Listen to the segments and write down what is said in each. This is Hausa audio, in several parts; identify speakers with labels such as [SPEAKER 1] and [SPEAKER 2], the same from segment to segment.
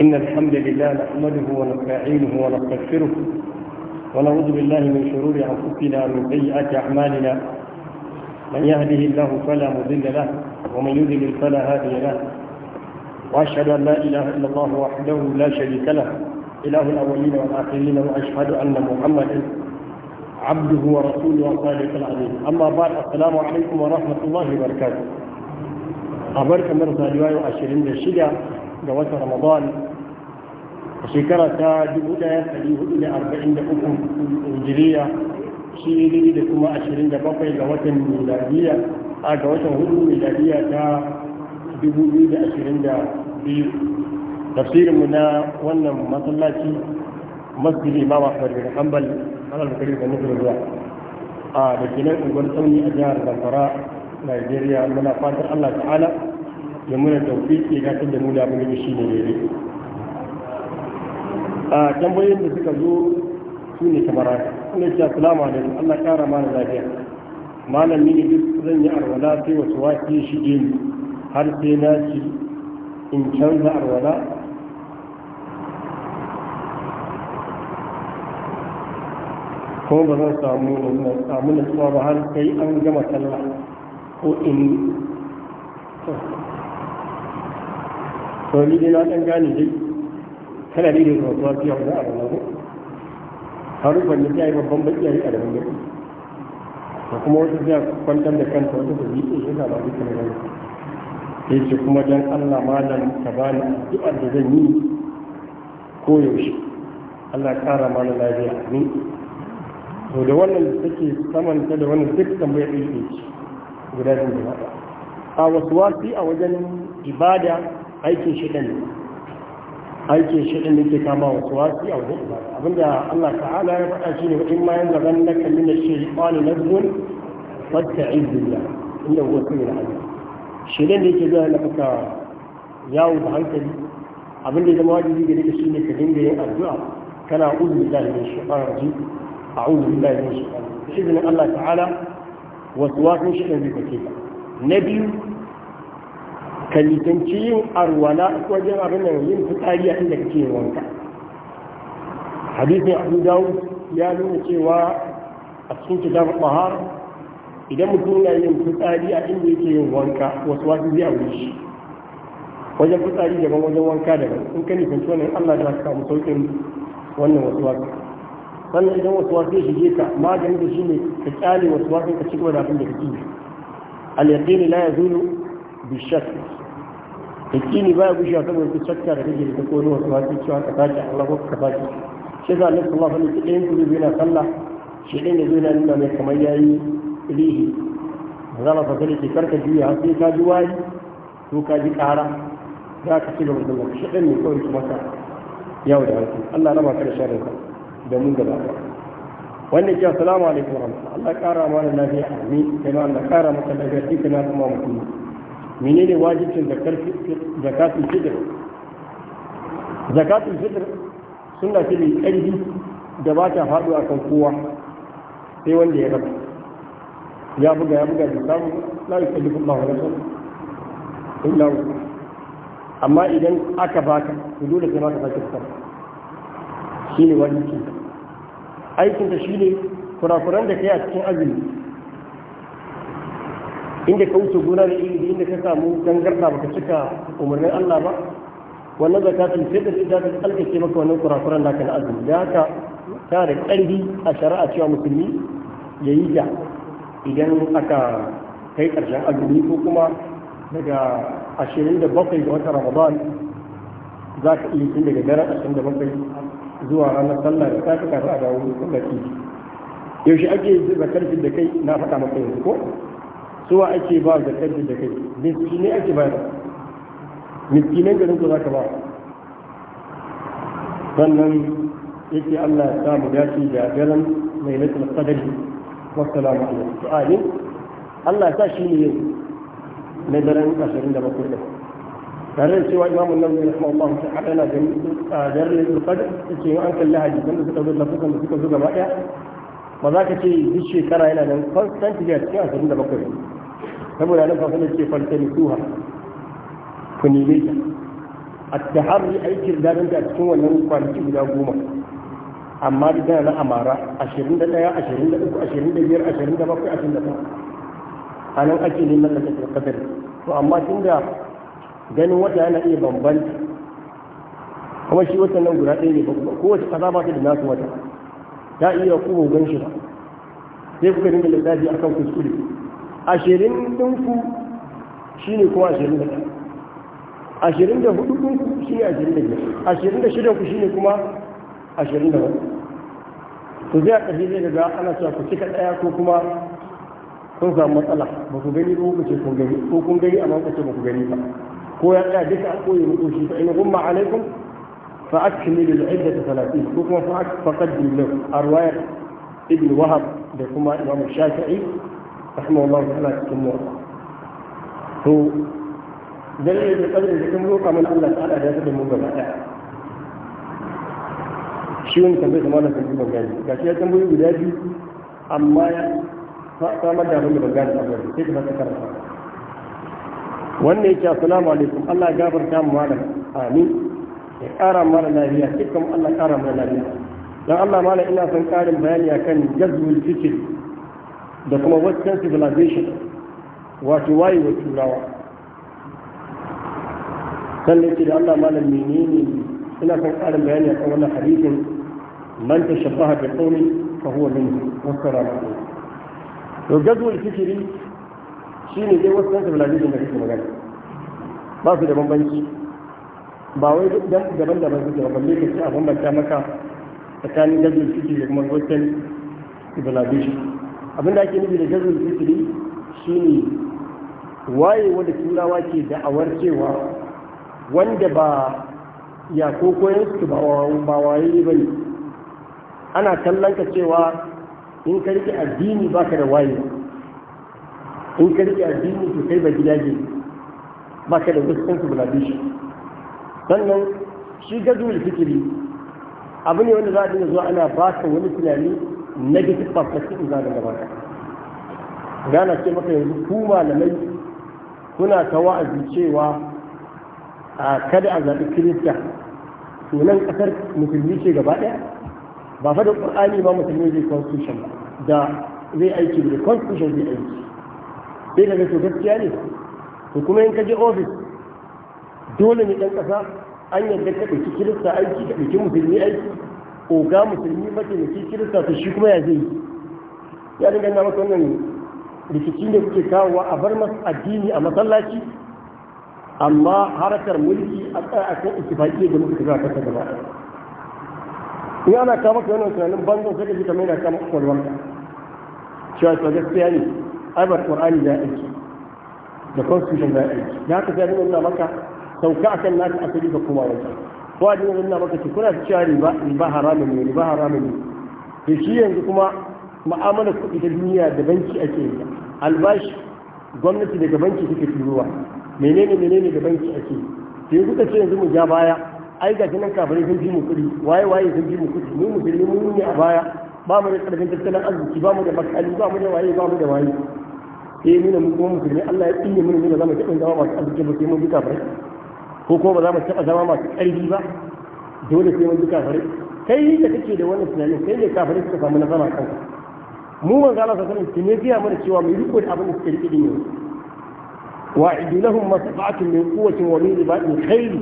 [SPEAKER 1] إن الحمد لله نحمده ونستعينه ونستغفره ونعوذ بالله من شرور أنفسنا ومن سيئات أعمالنا من يهده الله فلا مضل له ومن يضلل فلا هادي له وأشهد أن لا إله إلا الله وحده لا شريك له إله الأولين والآخرين وأشهد أن محمدا عبده ورسوله وصالح العظيم أما بعد السلام عليكم ورحمة الله وبركاته أبارك مرزا لواي وأشرين للشجع جواز رمضان shekara ta 1443 hijiriya shi ne da kuma 27 ga watan miladiya a ga watan hudu miladiya ta 2022 tafsirinmu na wannan masallaci masjid imam ahmad bin hanbal alal bukari da nufin zuwa a da ke nan unguwar tsauni a jihar zamfara nigeria muna fatan allah ta'ala ya muna tauki ke gatar da mu da abin da shi ne daidai a tambayin da suka zo su ne kamar haka suna cewa salamu alaikum Allah kara mana lafiya malam ni ne duk zan yi arwala sai wasu wake shi ni har sai na ci in canza arwala ko ba zan samu samu nutsuwa ba har sai an gama sallah ko in to ni dai na dan gane dai kana ne da yin wasu wasu yawon za a rana ko harin kwanne sai a babban baki a yi a da baki da kuma wata sai kwantar da kanta wata da yi ɗin yana ba duka na gani ya ce kuma don allah malam ka bani addu'ar da zan yi koyaushe. allah ƙara mana lafiya amin to da wannan da take samanta da wannan duk tambayar ɗin ce guda biyu da a wasu wasi a wajen ibada aikin shi ɗan ne aikin shi ɗin yake kama wasu wasi a wajen ibada abinda Allah ta'ala ya faɗa shi ne in ma yanzu ran na kalli na shi ƙwani na zuwan wata izbillah inda wasu ne da hanyar shi ɗin da yake zuwa na fuka yawo da hankali abinda ya zama wajibi gare ka shi ne ka dinga yin addu'a kana uzu billahi min shaitan rajim a'udhu billahi min shaitan da izinin Allah ta'ala wasu wasu shi ɗin zai ba na biyu ka nisanci yin arwala wajen abin da yin fitari a inda kake wanka hadisin abu dawud ya nuna cewa a cikin kitabu bahar idan mutum na yin fitsari a inda yake yin wanka wasu wasu zai aure shi wajen fitsari daban wajen wanka daban in ka nisanci wannan allah ka mu sauƙin wannan wasu wasu sannan idan wasu wasu ya shige ka magani da shi ne ka kyale wasu wasu ka ci gaba da abin da kake yi al-yaqini la yazulu bishak yakini baya gushewa saboda ku shakka da kake da ko ne wasu wasu cewa ka tashi Allah ko ka tashi shi yasa Allah sallallahu ta wasallam ɗayan ku na sallah shi ɗayan yazo yana nuna mai kamar ya yi rihi zama fa sai ki karka juya har sai ka ji wani ko ka ji ƙara za ka ci gaba da shi ɗayan ne kawai kuma maka? yau da wasu Allah raba ka da sharrin ka da mun ka. wannan ke assalamu alaikum wa rahmatullahi Allah ƙara mana lafiya amin kai ma Allah ƙara maka lafiya na al'umma mutum menene wajibcin zakatun fitr zakatun fitr suna ce mai ƙarfi da ba ta faɗo a kan kowa sai wanda ya rabu ya buga ya buga da samu la yi kalli kuma wani sun illa amma idan aka baka to dole sai ma ka sake fitar shine wajibcin aikinta shine kurakuran da kai a cikin azumi inda ka wuce gona da iri inda ka samu gangarta baka cika umarnin Allah ba wannan zakatun sai da za ta ce maka wannan kurakuran naka na azumi da haka ta da ƙarfi a shari'a cewa musulmi ya yi ja idan aka kai ƙarshen azumi ko kuma daga ashirin da bakwai ga watan ramadan za ka iya tun daga daren ashirin da bakwai zuwa ranar sallah da safe kafin a dawo sallar yaushe ake zakar da kai na faɗa maka yanzu ko suwa ake ba da karfi da kai miskinai ake ba da miskinan garin ku za ka ba sannan yake allah ya samu dace da daren mai latin kadari wasu lamu alaikum to amin allah ta shi ne yau na daren 27 da tare da cewa imamu nan ne rahama Allah ta hada na da tsadar da suka da ce an kalli hadisan da suka zo da suka da suka zo gaba daya ba za ka ce duk shekara yana nan constant ya cikin 27 saboda nan fasana ce faltani suha ku nime ta a ta harri aikin dadin da cikin wannan kwanaki guda goma amma da tana na amara 21 23 25 27 28 a nan ake neman da kasar kasar to amma tun da ganin wata yana iya bambanta kuma shi wata nan guda ɗaya ne ba kowace ƙasa ba ta da nasu wata ta iya kuma ban shi ba sai kuka dinga lissafi akan kuskure ashirin ɗinku shi ne kuma ashirin da ɗaya ashirin da hudu ɗinku shi ne ashirin da biyar ashirin da shidanku shi ne kuma ashirin da wani to zai a ƙarshe zai daga ana cewa ku cika ɗaya ko kuma kun samu matsala ba ku gani ko ce kun gani ko kun gani amma ku ce ba ku gani ba ko ya tsaya duka an koyi muku shi fa in gumma alaikum fa akmilu al-iddata 30 ko kuma fa faqaddimu lahu arwayat ibn wahab da kuma imam shafi'i رحمه الله تعالى cikin motsa to dalilin da kadar cikin roƙa mana Allah ta'ala ya tabbata mu gaba ɗaya shi wani tambayi da malamin kuma gani ga shi ya tambayi guda biyu amma ya samar da abin da ba gani abu sai ka fata karanta wannan yake assalamu alaikum Allah ya gafarta mu malam amin ya ƙara mana lafiya dukkan Allah ƙara mana lafiya dan Allah malam ina son ƙarin bayani akan jazbul fikr da kuma western civilization wato waye wa turawa sannan ce da allah malam menene ina kan ƙarin bayani kan wannan hadisin man ta shabaha da tsauni fa huwa min wasara ma to gazwul fikiri shi shine dai western civilization da kake magana ba su da bambanci ba wai dan daban-daban suke ba balle ka ci a bambanta maka tsakanin gazwul fikiri da kuma western civilization abin da ake nufi da jazul shi shine waye wanda turawa ke da'awar cewa wanda ba ya kokoyin su ba waye ba ne ana kallon ka cewa in ka rike addini ka da waye in ka rike addini to kai ba gidaje ka da wasu bulabishi sannan shi gazul fikiri abu ne wanda za a dina zuwa ana ka wani tunani negative perspective za ka gabata gana ce maka yanzu ku malamai kuna ta wa'azi cewa a kada a zaɓi kirista sunan ƙasar musulmi ce gaba ɗaya ba fa da ƙur'ani ba musulmi zai constitution ba da zai aiki da constitution zai aiki sai daga to gaskiya ne to kuma in ka je office dole ne ɗan ƙasa an yadda ka ɗauki kirista aiki ka ɗauki musulmi aiki oga musulmi mataimaki kirista to shi kuma ya zai ya dinga na maka wannan rikicin da kuke kawowa a bar masu addini a masallaci amma harakar mulki a tsaya a kan ittifaqi da muka kaza kasa gaba in ana kawo maka wannan tunanin banzan sai ka ji kamar yana kawo maka kwalwanka cewa ta gaskiya ne ai ba qur'ani da aiki da constitution da aiki ya ka ga nuna maka sauka akan naka asali ka kuma wancan ko a dinga nuna maka ce kuna ba in ba haramun ne ba haramun ne da shi yanzu kuma ma'amalar kuɗi ta duniya da banki ake yi albashi gwamnati daga banki suke turuwa menene menene da banki ake yi to yanzu ka ce yanzu mu ja baya ai ga nan kafirai sun ji mu kuɗi waye waye sun ji mu kuɗi mu musulmi mun ne a baya ba mu da ƙarfin tattalin arziki ba mu da makali ba mu da waye ba mu da waye sai eh, nuna mu kuma musulmi Allah ya tsine mu ne zama kiɗin zama masu arziki ba sai mun bi kafirai ko ko ba za mu taɓa zama masu ƙarfi ba dole sai mun bi kafirai kai da kake da wannan tunanin kai ne kafirai suka samu nasara a kanka mu manzo Allah sallallahu alaihi wasallam ne biya mana cewa mu riko da abin da suke rike din yau wa idulahum masfa'atun min quwwatin wa min ribatil khayr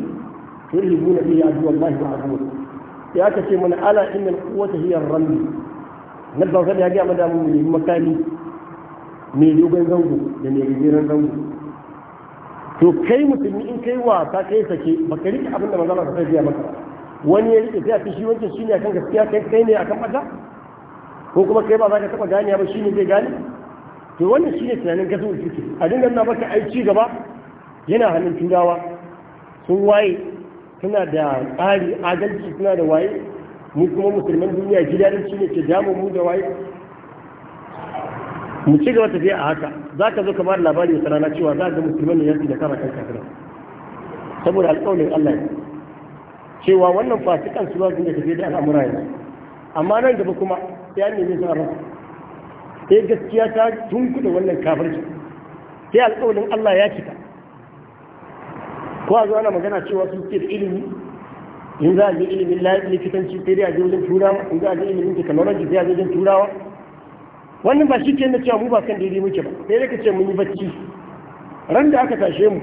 [SPEAKER 1] turhibuna bihi adu Allah wa aduwwa ya kace mana ala inna al-quwwata hiya ar-ramy nabba ga ya ga mu da mu makami mai dogon zango da mai gajeren zango to kai musulmi in kai wasa kai sake baka rike abin da manzala sai biya maka wani ya rike sai a wancan shi wancan shine akan gaskiya kai kai ne akan bata ko kuma kai ba za ka taba gane ba shine zai gane to wannan shine tunanin gazo suke a dinga nuna maka ai ci gaba yana hannun turawa sun waye suna da tsari adalci suna da waye mu kuma musulman duniya gidanin shi ne ke damu mu da waye mu ci gaba tafiya a haka za ka zo ka bada labari da sanana cewa za ga musulman ne yanki da kama kan kafirai saboda alƙawarin Allah ne cewa wannan fasikan su ba su da tafiye da al'amura yanzu amma nan gaba kuma ya nemi sun rasa sai gaskiya ta tunkuɗe wannan kafirci sai alƙawarin Allah ya cika ko a zo ana magana cewa sun ce da ilimi in za a je ilimin likitanci sai dai a je wajen turawa in za a je ilimin technology sai a je wajen turawa wannan ba shi ke na cewa mu ba kan daidai muke ba sai dai ka ce mun yi bacci ran da aka tashe mu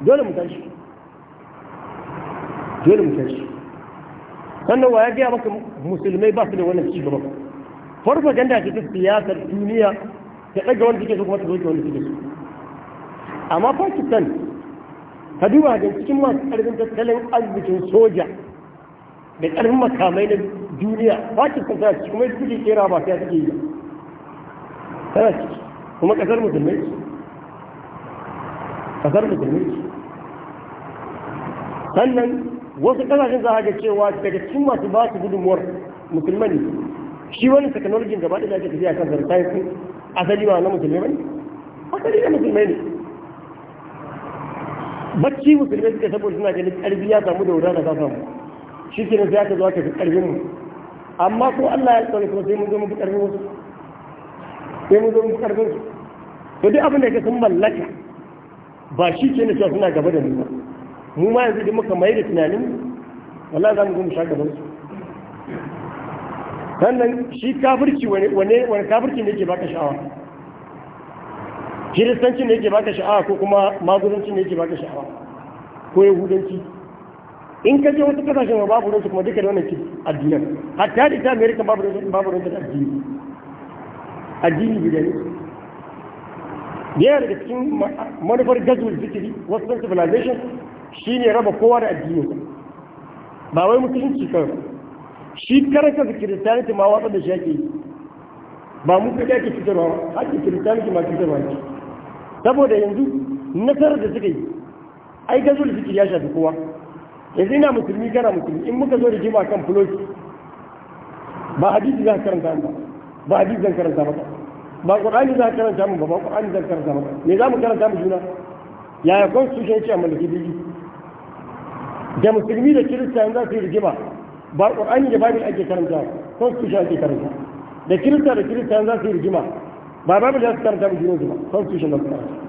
[SPEAKER 1] dole mu tashi dole mu tashi sannan wa ya gaya maka musulmai ba su da wannan cigaba farfaganda ce ta siyasar duniya ta daga wanda suke so kuma ta zoke wanda suke so amma pakistan ka duba ga cikin masu karfin tattalin arzikin soja da karfin makamai na duniya pakistan ta cikin mai suke kera ba ta suke yi tana kuma kasar musulmai kasar musulmai sannan wasu kasashen za a ga cewa daga cikin masu ba su gudunmuwar musulmani shi wani technology gaba da ake tafiya kan zarta su asali ba na musulmai ne asali na musulmai ne bacci musulmai suka saboda suna ganin karfi ya samu da wadata ta samu shi ke nan sai aka zo aka fi karfin mu amma ko Allah ya tsare kuma sai mun zo mun fi karfin wasu sai mun zo mun karfin su to duk abin da ka sun mallaka ba shi ke na cewa suna gaba da mu mu ma yanzu da muka mai da tunanin wallahi za mu zo mu sha gaban su sannan shi kafirci wane wane kafirci ne yake baka sha'awa kiristanci ne yake baka sha'awa ko kuma maguzanci ne yake baka sha'awa ko yahudanci in ka je wasu kasashen ma babu ransu kuma duka da wannan addinan hatta da ita amerika babu ransu babu ransu addini addini bidani biyar da cikin manufar gajiyar zikiri western civilization ne raba kowa da addini ba wai musulunci kan shi karanta da kiristaniti ma watsa da shi ake ba mu kaɗa ke fitarwa ba ake kiristaniti ma fitarwa ne saboda yanzu nasarar da suka yi ai gajiyar zikiri ya shafi kowa yanzu ina musulmi kana musulmi in muka zo da jima kan fuloki ba hadisi za ka karanta ba ba hadis zan karanta maka ba qur'ani za ka karanta mun ba ba qur'ani zan karanta maka me za mu karanta mu juna yaya constitution yace a mallaki biyu da musulmi da kirista za su yi rigima ba qur'ani da babil ake karanta su constitution ake karanta da kirista da kirista za su yi rigima ba babil za su karanta mu juna ba constitution za su karanta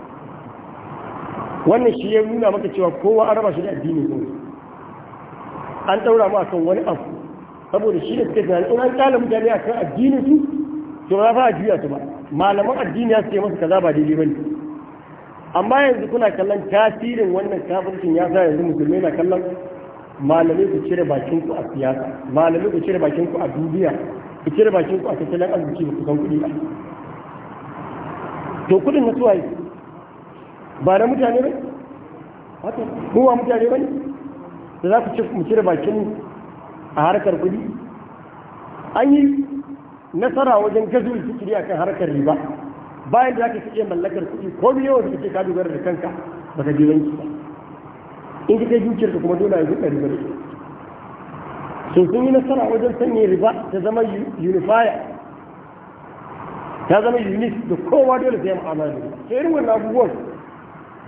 [SPEAKER 1] wannan shi ya nuna maka cewa kowa an raba shi da addini ne an ɗaura mu akan wani abu saboda shi da suke tunanin in an kala mutane akan addinin su to ba fa juya su ba malaman addini ya ce masa kaza ba daidai bane amma yanzu kuna kallon tasirin wannan kafircin ya sa yanzu musulmai na kallon malamai ku cire bakin ku a siyasa malamai ku cire bakin ku a duniya ku cire bakin ku a tattalin arziki ku san kuɗi to kuɗin na suwaye ba na mutane ba haka kuma mutane ba ne da za ku cire bakin a harkar kuɗi an yi nasara wajen gazuwar fikiri akan harkar riba bayan da ka iya mallakar kuɗi ko miliyan da kake ka dogara da kanka baka je banki ba in ka kai ka kuma dole ya yi riba da su sun yi nasara wajen sanya riba ta zama unifier ta zama unit da kowa dole sai mu'amala da riba sai irin wannan abubuwan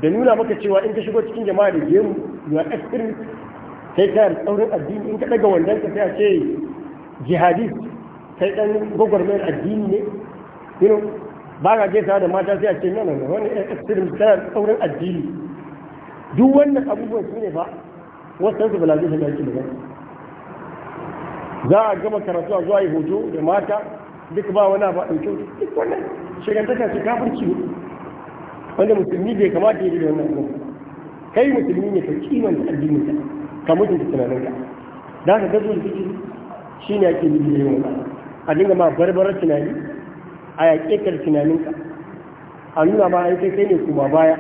[SPEAKER 1] da nuna maka cewa in ka shigo cikin jama'a da gemu ya ƙasirin sai ta tsaurin addini in ka ɗaga wannan ka sai a ce jihadist sai dan gwagwarmayar addini ne you know ba ka gaisa da mata sai a ce nan nan wani extreme tana tsaurin addini duk wannan abubuwan su ne ba wasu su bala zai da yake za a gama karatu a zuwa yi hoto da mata duk ba wani ba kyau. duk wannan shigantaka ce kafirci ne wanda musulmi bai kamata ya yi da wannan abu kai musulmi ne ka kimanta addinin ka ka mutunta tunanin ka da ka gazo da shi ne ake yi da yawan a dinga ma barbarar tunani a yaƙe ka tunaninka a nuna ma ai kai kai ne kuma baya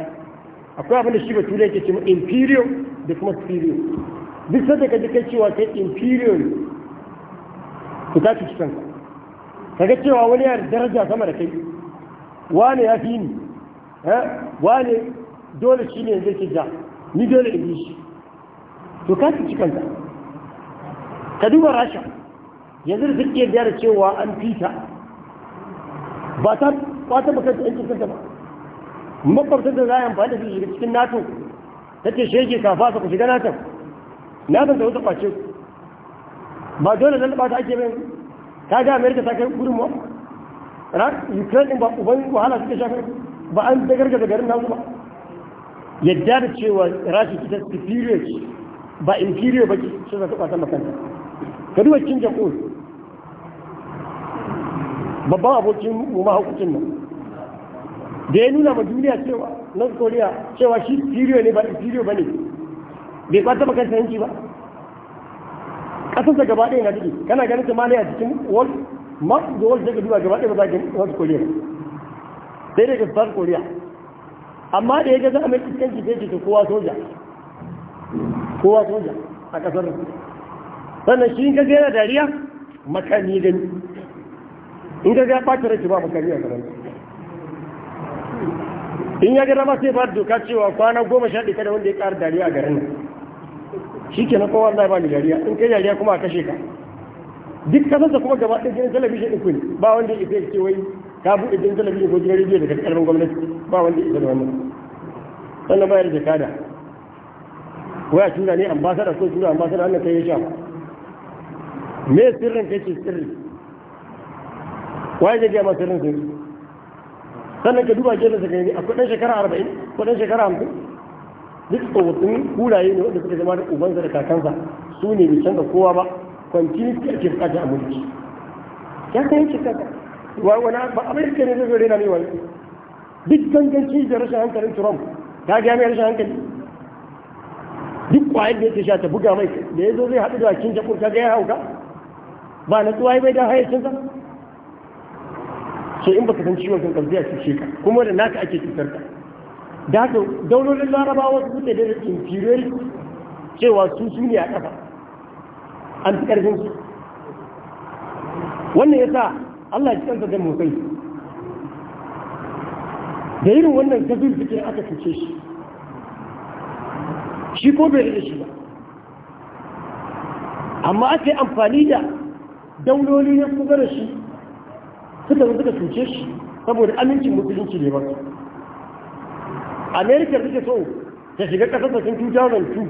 [SPEAKER 1] akwai abin da shi bature yake cewa imperial da kuma superior duk sanda ka ji kai cewa kai imperial ku ta ci kanka kaga cewa wani yana daraja sama da kai wane ya fi ni eh? wane dole shi ne zai ci ja ni dole in yi shi to ka ci kanka ka duba rashin yanzu da duk yadda da cewa an fita ba ta kwata bakanta cikin ta ba makwabtar da za ba da shiga cikin nato ta ce shege kafa su ku shiga nato nato da wata kwace ba dole ba ta ake bayan ta ga amerika ta kai gurin mu ukraine ba uban wahala suka shafi ba an garga da garin nasu ba yadda da cewa rashi ita superior ba inferior ba ce sun zata ta makanta ka duba cin jakon babban abokin mu mahaukacin nan da ya nuna ma duniya cewa north korea cewa shi siriyo ne ba siriyo ba ne bai kwata makar yanki ba ƙasarsa gaba ɗaya na ciki kana ganin somalia a cikin world map da world daga duba gaba ɗaya ba za ka north korea sai daga south korea amma da ya ga za a mai iskanci sai ce kowa soja kowa soja a ƙasar sannan shi ka yana dariya makami gani in ga ya ɓata rai ba mutane a gaban in ya gada ma sai ba doka cewa kwana goma sha ɗaya kada wanda ya ƙara dariya a garin nan shi ke na kowa zai ba ni dariya in kai dariya kuma a kashe ka duk kasarsa kuma gaba ɗaya gidan talabijin ɗin kuni ba wanda ya isa ce wai ka buɗe gidan talabijin ko gidan rediyo daga ƙarfin gwamnati ba wanda ya isa da wannan sannan bayar da kada waya tura ne ambasada ko tura ambasada wannan kai ya sha me sirrin kai ce sirri waye zai gaya masu irin sannan ka duba gefen sa gani akwai ɗan shekara arba'in ko ɗan shekara hamsin duk tsofaffin kuraye ne wanda suka zama da ubansa da kakansa su ne bai canza kowa ba continuity ake bukata a mulki ya san yanki kaka wani ba amurka ne zai zore na mai wani duk ganganci da rashin hankalin trump ta gaya mai rashin hankali duk kwayar da yake sha ta buga mai da ya zo zai haɗu da kin jakur ta gaya hauka ba na tsuwa bai da hayyacin sa ke in baka san ciwon kankan zai cuce ka kuma da naka ake cutar ka da haka daulolin larabawa su kuɗe da inferior cewa su su ne a ƙasa an fi ƙarfin su wannan ya sa Allah ya kansa da motsai da irin wannan kafin fitar aka cuce shi shi ko bai da shi ba amma ake amfani da dauloli na kuma da shi suka suka cuce shi saboda amincin musulunci ne ba Amerika suke so ta shiga kasar da sun 2002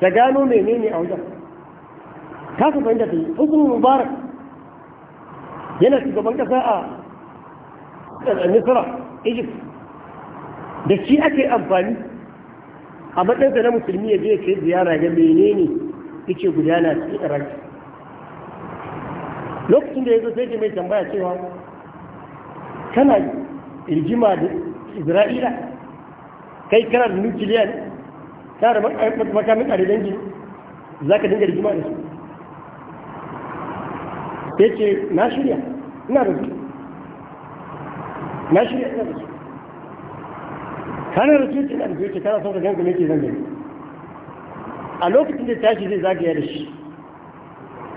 [SPEAKER 1] ta gano menene a wajen ta su fahimta ta yi hukun mubarak yana shugaban kasa a Nisra, egypt da shi ake amfani a matsayinsa na musulmi ya je ya ziyara ga menene yake gudana cikin iraki lokacin da ya zo sai ke mai tambaya cewa kana irjima da isra'ila kai kana da nukiliya ne kana da makamin aridan gini za ka dinga rigima da su ya ce na shirya ina da su na shirya ina da su kana da su ce na da su ce kana son ka ganka mai ke zan gani a lokacin da tashi zai zagaya da shi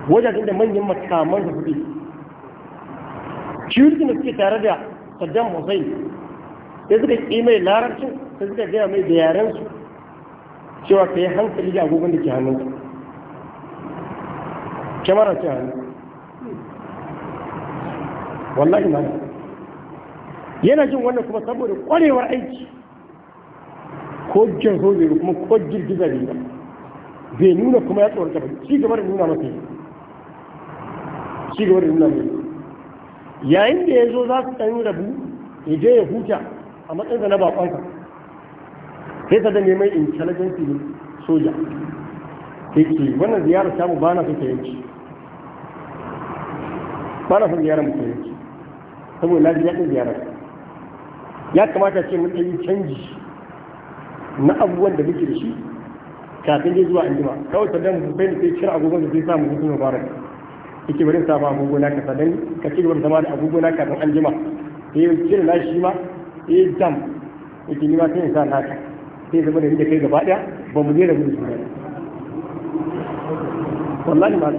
[SPEAKER 1] wajajen da manyan makaman da hudu shirkin da suke tare da saddam hussein ya suka ƙi mai larabcin ta suka gaya mai da yarensu cewa ka yi hankali da agogon da ke hannunka kyamara ce hannu wallahi ma yana jin wannan kuma saboda ƙwarewar aiki ko jin sojoji kuma ko girgiza ne bai nuna kuma ya tsoron gaba ci gaba da nuna mafi yi ci gaba da nuna yayin da ya zo za su ɗan rabu ya je ya huta a matsayinsa na baƙonka, sai ta da neman intelligence ne soja sai ce wannan ziyarar samu ba na suka yanci ba na son ziyarar mutane saboda na ya daɗin ziyarar ya kamata ce mun ɗanyi canji na abubuwan da muke da shi kafin dai zuwa anjima kawai ta dan mu sai ne sai cire agogon da zai samu hutun mubarak yake bari sa ma agogona ka dan ka ci gaba da zama da agogona kafin an jima eh, eh, sai ya cire na shi ma ya jam yake ni ma sai in sa naka sai zama da inda kai gaba daya ba mu je da gudu wallahi ma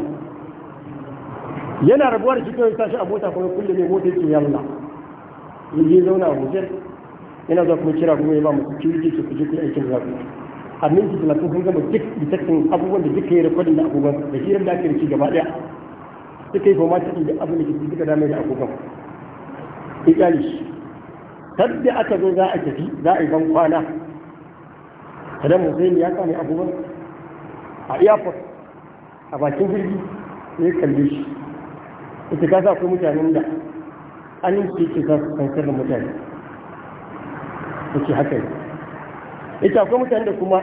[SPEAKER 1] yana rabuwa da sai shi a mota kuma kullum mai mota yake yalla ya je zauna a hotel yana zuwa kuma kira kuma ya ba mu security su kuje kuma aikin zaɓi a minti talatin sun gama duk detectin abubuwan da duka ya rikodin da abubuwan da hirar da ake rikici gaba daya suka yi koma ciki da abin da ke suka dame da agogon shi tabbi aka zo za a tafi za a yi ban kwana sadan musayin ya kame agogon a airport a bakin jirgi ne kalle shi ita ka sa akwai mutanen da an yi ce ke za su kankar da mutane ce haka yi ita ku mutanen da kuma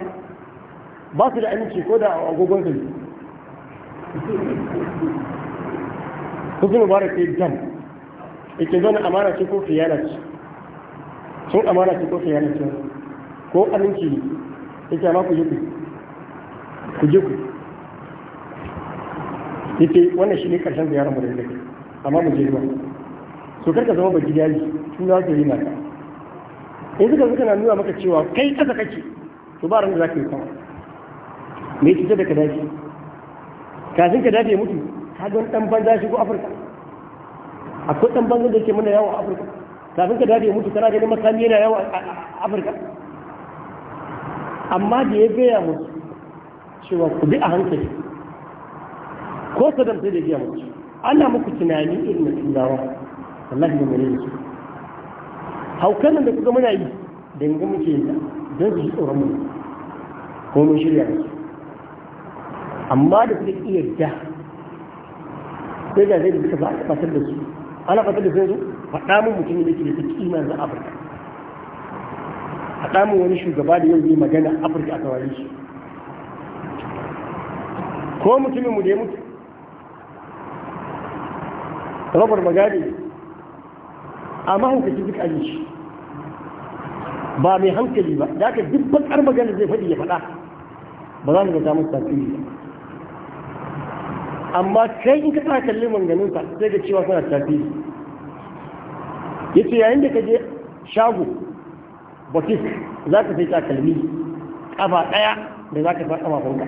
[SPEAKER 1] ba su da aminci ko da agogon su hukun mubarak ya jan yake zana amana ce ko khiyana ce sun amana ce ko khiyana ce ko aminci ne yake ma ku je ku je ku yake wannan shi ne karshen ziyarar mu da yake amma mu je ba so karka zama baki jari tun za su yi maka in suka suka na nuna maka cewa kai kasa kake to ba ran da za ka yi kama me cutar da ka dace kafin ka dace mutu kaga dan banza shigo afirka akwai dan banza da ke mana yawo a afirka kafin ka dade mutu kana ganin makami yana yawo a afirka amma da ya gaya musu cewa ku bi a hankali ko dan sai da gaya musu ana muku tunani irin na turawa wallahi ne mai yanzu haukan da kuka muna yi ga muke yi don su ji tsoron mu ko mun shirya da amma da kuka iya da akwai zai da suka a fatar da su ana fatar da su yanzu faɗa min mutum da ke da kima na afirka faɗa min wani shugaba da yau zai magana afirka a kawai shi ko mutumin mu da ya mutu rabar magani a mahaukaci duk an shi ba mai hankali ba da aka dubban bakar magana zai faɗi ya faɗa ba za mu ga samun tasiri ba amma kai in ka fara kalli manganin sai da cewa suna tafi yace yayin da ka je shago bakis za ka sai takalmi kafa daya da za ka sa kafafunka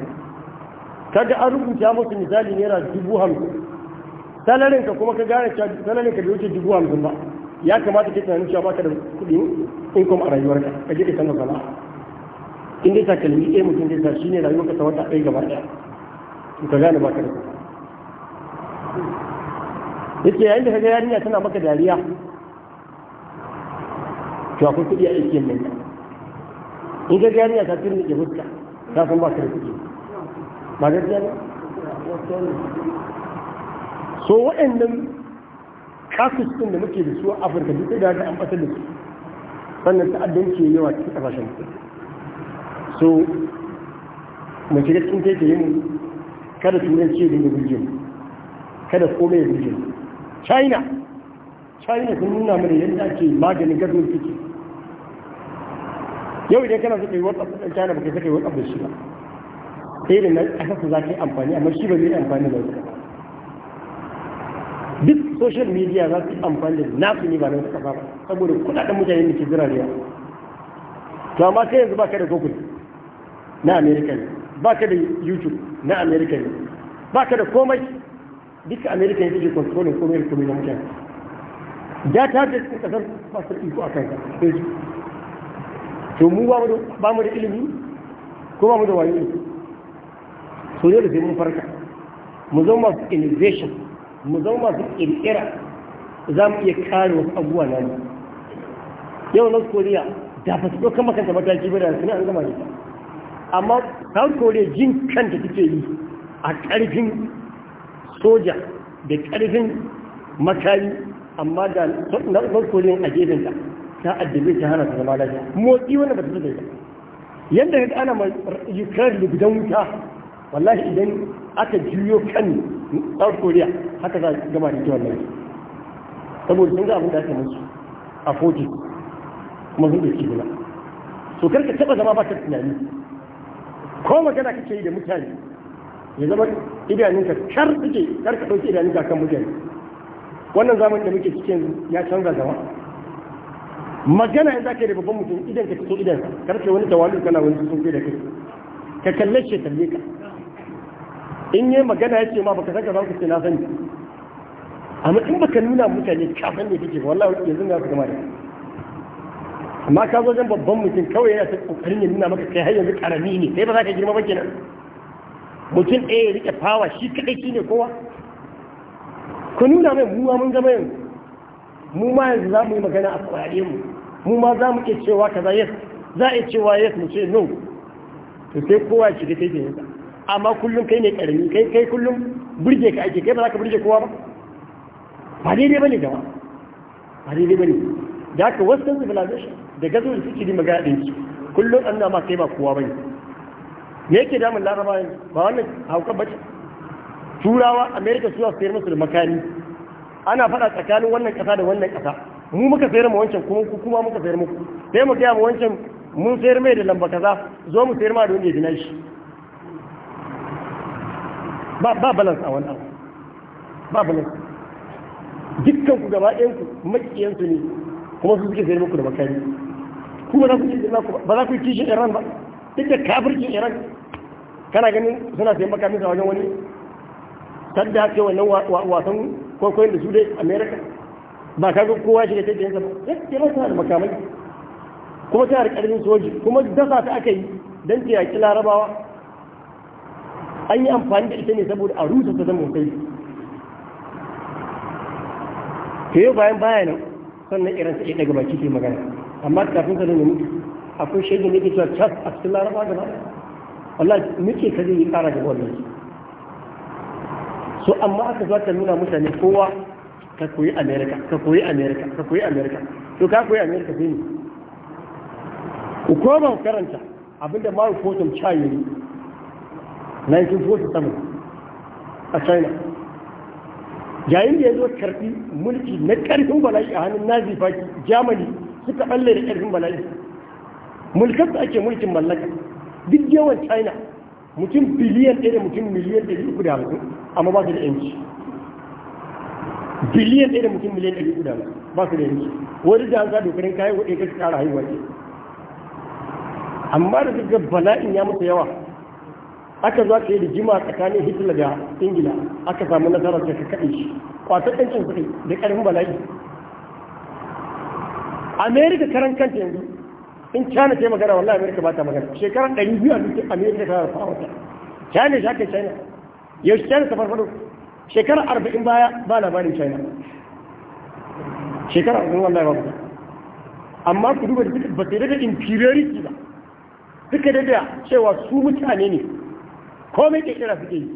[SPEAKER 1] kaga an rubuta musu misali naira dubu hamsin salarin ka kuma ka gane cewa salarin ka bai wuce dubu hamsin ba ya kamata ka tunanin cewa baka da kuɗi income a rayuwarka ka je ka canza sana'a in dai takalmi ɗaya mutum zai sa shine rayuwarka ta wata ɗaya gaba ɗaya ka gane baka da kuɗi yake yayin da kaga yarinya tana maka dariya to akwai kuɗi a aikin nan in ka ga yarinya ta tun ke fuska ta san ba ta kuɗi ba ga ba so wa'annan kasus din da muke da su a afirka duk da ga an ɓatar da su sannan ta'addanci addance yawa cikin ƙasashen mutum so mu shiga cikin yin kada turanci da gurgurjin kada komai ya ruje china china sun nuna mana yadda ake maganin gazon ciki yau idan kana suka yi whatsapp ɗan china ba kai suka yi whatsapp da shi ba irin na ƙasarsa za ka yi amfani amma shi ba zai amfani da wata duk social media za su yi amfani da nasu ne ba na wata kafa ba saboda kudaden mutane da ke zira zirariya to amma sai yanzu ba ka da google na america ne ka da youtube na america ne ka da komai duka amerika ne suke kontrolin komai da komai na mutane da ta da cikin kasar ba su iko a kan sai su to mu ba mu da ilimi ko ba mu da wayo so ne da sai mun farka mu zama masu innovation mu zama masu kirkira za mu iya kare wasu abubuwa na ne yau na koriya da ba su ɗaukar makanta mataki ba da suna an gama ne amma south korea jin kanta take yi a ƙarfin soja da ƙarfin makari amma ga na kolin a jefinta ta addabe ta hana ta zama lafiya motsi wani ba ta zai ita yadda ka ana mai ukraine da gudan wuta wallahi idan aka juyo kan ɗan koriya haka za a gama da ita wallahi saboda sun ga abin da aka musu a foji kuma sun doki gula so karka taba zama ba ta tunani ko magana kake yi da mutane ya zama idaninka kar suke kar ka ɗauki idanunka kan mutane wannan zamanin da muke cikin ya canza zama magana yanzu ake yi da babban mutum idan ka fito idan kar ka wani tawali kana wani sun da kai ka kalle shi kalle ka in yi magana ya ce ma baka san ka za ku ce na sani amma in baka nuna mutane kafin ne kake wallahi yanzu na kuma da amma ka zo wajen babban mutum kawai yana ta kokarin ya nuna maka kai har yanzu karami ne sai ba za ka girma ba kenan mutum ɗaya ya riƙe fawa shi kaɗai shi ne kowa ku nuna mai mu mun zama yanzu mu ma yanzu za mu yi magana a kware mu mu ma za mu iya cewa kaza yes za a iya cewa yes mu ce no to sai kowa ya shiga kai yanzu amma kullum kai ne karami kai kai kullum burge ka ake kai ba za ka burge kowa ba ba daidai ne gaba ba daidai ne da aka wasu civilization da gazo da suke di magana ɗinki kullum an na ma kai ba kowa ba ne. me yake damun laraba yanzu ba wannan haukar bace turawa america suna sayar musu da makami ana fada tsakanin wannan kasa da wannan kasa mu muka sayar mu wancan kuma kuma muka sayar muku sai mu ga mu wancan mun sayar mai da lamba kaza zo mu sayar ma da wanda ya dina shi ba ba balance a wannan ba balance dukkan ku gaba ɗayan ku makiyan su ne kuma su suke sayar muku da makami kuma za ku ci ba za ku ci shi Iran ba duk da kafircin iran kana ganin suna sayan makamin wajen wani tadda ake wannan wasan kwaikwayon da su dai amerika ba ka ga kowa shiga ta jiyansa ba ce masu da makamai kuma ta da karfin soji kuma dasa ta aka yi don ta yaƙi larabawa an yi amfani da ita ne saboda a rusa ta zama kai ke yau bayan baya nan sannan iran sai daga baki ke magana amma kafin sa ne mutu akwai shaidu muke cewa cas a cikin laraba gaba Allah muke ka zai yi kara da wannan so amma aka zo ta nuna mutane kowa ka koyi america ka koyi america ka koyi america to ka koyi america zai ne ku koma karanta abinda ma rubutun chayiri 1947 a china yayin da ya zo karfi mulki na karfin bala'i a hannun nazi faki germany suka balle da karfin bala'i mulkarsa ake mulkin mallaka duk yawan china mutum biliyan ɗaya da mutum miliyan ɗari uku da hamsin amma ba su da yanci biliyan ɗaya da mutum miliyan ɗari uku da hamsin ba su da yanci wani da an sa dokarin kayan kuɗi su ƙara haihuwa ce amma da duk bala'in ya masa yawa aka zo aka yi rigima tsakanin hitler da ingila aka samu nasarar ta kaɗe shi kwatar ɗancin kuɗi da ƙarfin bala'i amerika karan kanta yanzu in china ce magana wallahi america ba ta magana shekarar ɗari biyu a duk america ta rufa wata china sha kai china yaushe china ta farfado shekarar arba'in baya ba labarin china shekarar arba'in wallahi ba ba amma ku duba da ba ta da inferiority ba duka da cewa su mutane ne komai ke kira suke yi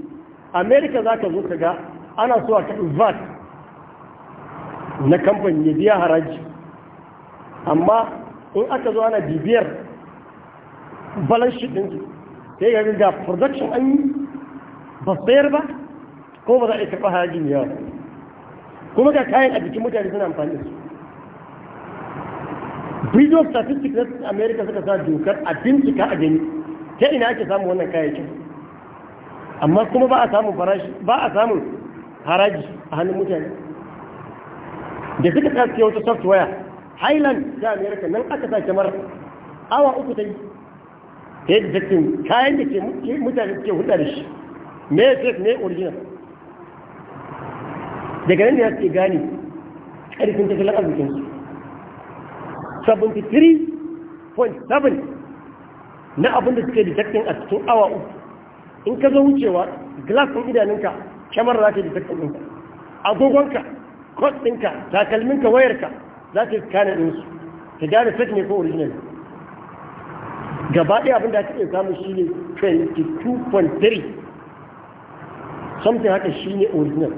[SPEAKER 1] america za ka zo ka ga ana so a kaɗin vat na kamfani ya biya haraji amma in aka zo ana bibiyar balance sheet ɗinsu sai ga ga production an yi ba sayar ba ko ba za a yi karɓa harajin yawa kuma ga kayan a jikin mutane suna amfani su Bureau of Statistics na America suka sa dokar a bincika a gani ta ina ake samun wannan kayayyakin amma kuma ba a samun farashi ba a samun haraji a hannun mutane da suka kaske wata software highland ta america nan aka sa kyamar awa uku ta yi ta yadda takin kayan da ke mutane ke hudu da shi me ya fake me original daga nan da ya ce gane ƙarfin arzikin su 73.7 na abinda suke detecting a cikin awa uku in ka zo wucewa glass ɗin idanunka kyamar za ta detecting ɗinka agogonka kot takalminka wayarka za ta yi kanin ɗinsu ta gane fake ne ko original gaba ɗaya abinda aka iya samu shi ne 22.3 something haka shi ne original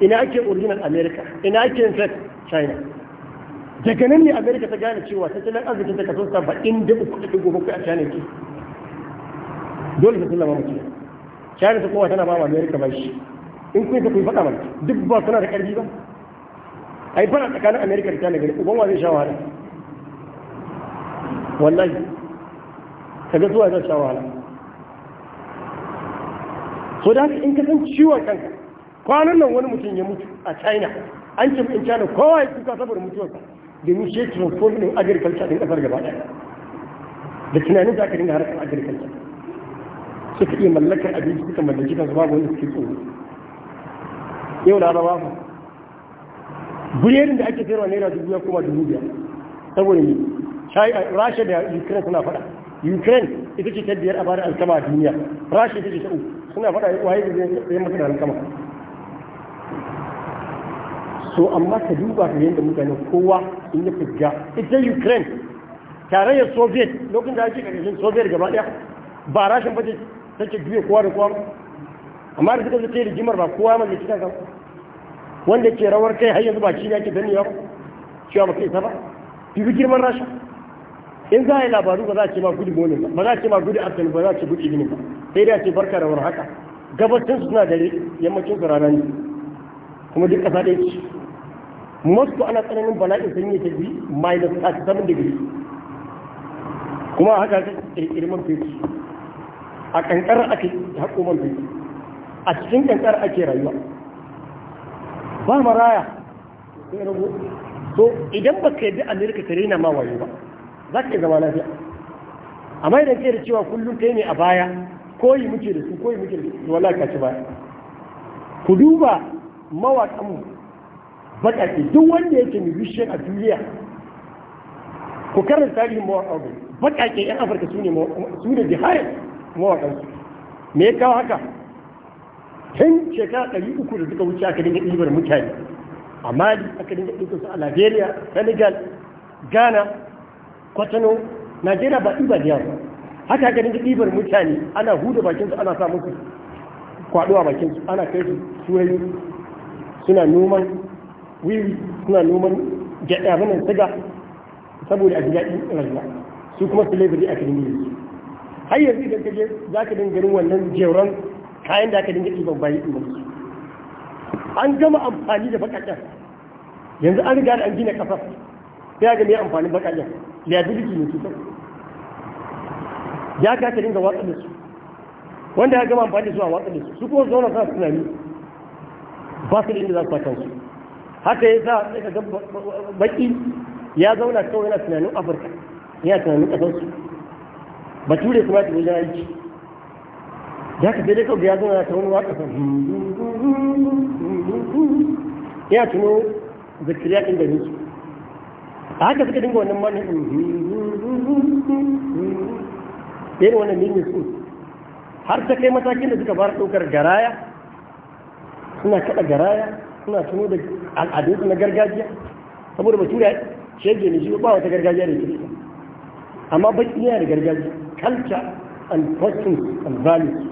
[SPEAKER 1] ina ake original america ina ake fake china daga nan ne america ta gane cewa tattalin arzikin ta kaso kai a china ke dole ta sallama mutum china ta kowa tana ba wa america ba shi in kun ta kun faɗa mana duk ba suna da ƙarfi ba ai fara tsakanin amerika da tana gari uban zai sha wahala wallahi kaga zuwa zai sha wahala so da haka in ka san ciwon kanka kwanan nan wani mutum ya mutu a china an ce in china kowa ya kuka saboda da domin shi transform din agriculture din kasar gaba daya da tunanin za ka dinga harkar agriculture suka iya mallakar abinci suka mallaki kansu babu wanda suke tsoro yau laraba ba buyerin da ake sayarwa naira dubu ya kuma dubu biyar saboda ne rasha da ukraine suna faɗa ukraine ita ce ta biyar a bada alkama a duniya rasha ita ce ta uku suna faɗa waye da zai sayan masa da alkama so amma ta duba ta yadda mutane kowa in ya fusga ita ukraine tarayyar soviet lokacin da ake ƙarƙashin soviet gaba daya ba rashin ba ce take juya kowa da kowa amma da suka zai rigimar ba kowa mai cikin kansa wanda ke rawar kai har yanzu ba shi ne ake gani ba cewa ba kai ta ba fi girman rasha in za a yi labaru ba za a ce ma gudu bonin ba ba za a ce ma gudu artan ba za a ce gudu ibinin ba sai dai a ce barka da wani haka gabacin su suna dare yammacin su rana ne kuma duk kasa ɗaya ce moscow ana tsananin bala'in sanyi ta bi minus 37 degree kuma haka ta ƙirƙiri man fetur a ƙanƙarar ake haƙo man fetur a cikin ƙanƙarar ake rayuwa ba maraya sai rago to idan ba ka yadda amerika ta rena ma wayo ba za ka zama lafiya amma idan ke da cewa kullum kai ne a baya koyi muke da su koyi muke da su wala ka ci baya ku duba mawaƙanmu baƙaƙe duk wanda yake musician a duniya ku karanta tarihin mawaƙanmu baƙaƙe 'yan afirka su ne jihayen mawaƙansu me ya kawo haka tun shekara ɗari uku da suka wuce aka dinga ɗibar mutane a mali aka dinga ɗibar su a nigeria senegal ghana kwatano najeriya ba ɗiba da yawa haka aka dinga ɗibar mutane ana huda bakinsu ana samun musu kwaɗo a bakinsu ana kai su turai suna noman wiwi suna noman gyaɗa mana siga saboda a ji daɗin rayuwa su kuma slavery aka dinga yi har yanzu idan ka je za ka dinga ganin wannan jeron kayan da aka dinga ɗiban bayan mulki an gama amfani da bakaƙen yanzu an riga da an gina kafa sai ga mai amfanin bakaƙen liability ne cutar ya ka dinga watsa da su wanda ya gama amfani da su a watsa da su su kuma zauna sa tunani ba su da inda za su fata su haka ya sa sai ka ga baki ya zauna kawai yana tunanin afirka yana tunanin ba bature kuma ta wajen aiki za ka sai kawai ya zauna ta wani waka san ya tuno zakariya ɗin da niki a haka suka dinga wannan mani ɗin wannan nini su har ta kai matakin da suka fara ɗaukar garaya suna kaɗa garaya suna tuno da al'adunsu na gargajiya saboda ba tura shege ne shi ba wata gargajiya da ke amma ba iya da gargajiya culture and customs and values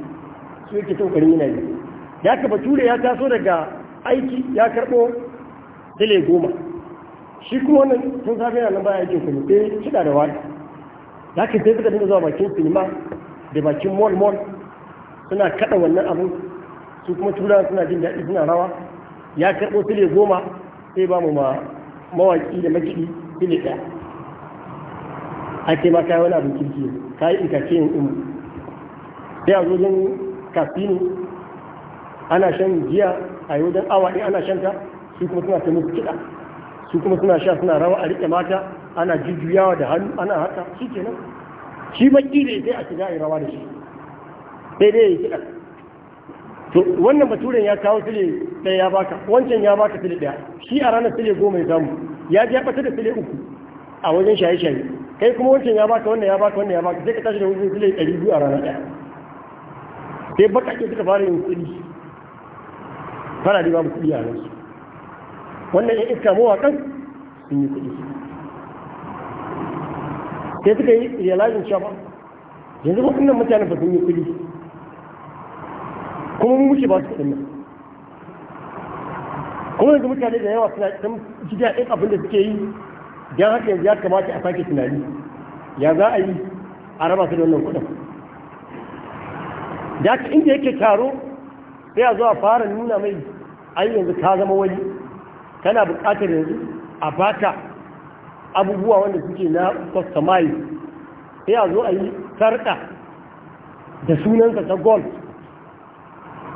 [SPEAKER 1] su yake ta kokarin yana yi ya ka bature ya taso daga aiki ya karɓo dale goma shi kuma wannan tun safe yana nan baya aikin kuma sai kiɗa da wani ya ka sai suka dinga zuwa bakin sinima da bakin mall mall suna kada wannan abu su kuma tura suna jin daɗi suna rawa ya karɓo sile goma sai ba mu mawaki da makiɗi sile ɗaya a ce ma kayi wani abin kirki kayi itace umu sai a zojin kasino ana shan giya a yi wajen awa ɗin ana shan ta su kuma suna sami kiɗa su kuma suna sha suna rawa a riƙe mata ana jujjuyawa da hannu ana haka shi ke nan, shi da ya sai a shiga a yi rawa da shi sai dai ya yi kiɗa to wannan baturen ya kawo sile ɗaya ya baka wancan ya baka sile ɗaya shi a ranar sile goma ya samu ya ji ya ɓata da sile uku a wajen shaye-shaye kai kuma wancan ya baka wannan ya baka wannan ya baka sai ka tashi da wajen sile ɗari biyu a rana ɗaya sai bakake suka fara yin kudi fara da babu kudi a nan wannan ya iska kan, sun yi kudi sai suka yi realizing cewa yanzu waɗannan mutane ba sun yi kudi kuma mun wuce ba su kuɗin nan kuma yanzu mutane da yawa suna ɗan ji ɗin abin da suke yi don haka yanzu ya kamata a sake tunani ya za a yi a raba su da wannan kudin da inda yake taro sai a zo a fara nuna mai ai yanzu ka zama wani kana buƙatar yanzu a bata abubuwa wanda suke na customize sai a zo a yi sarƙa da sunansa ta gold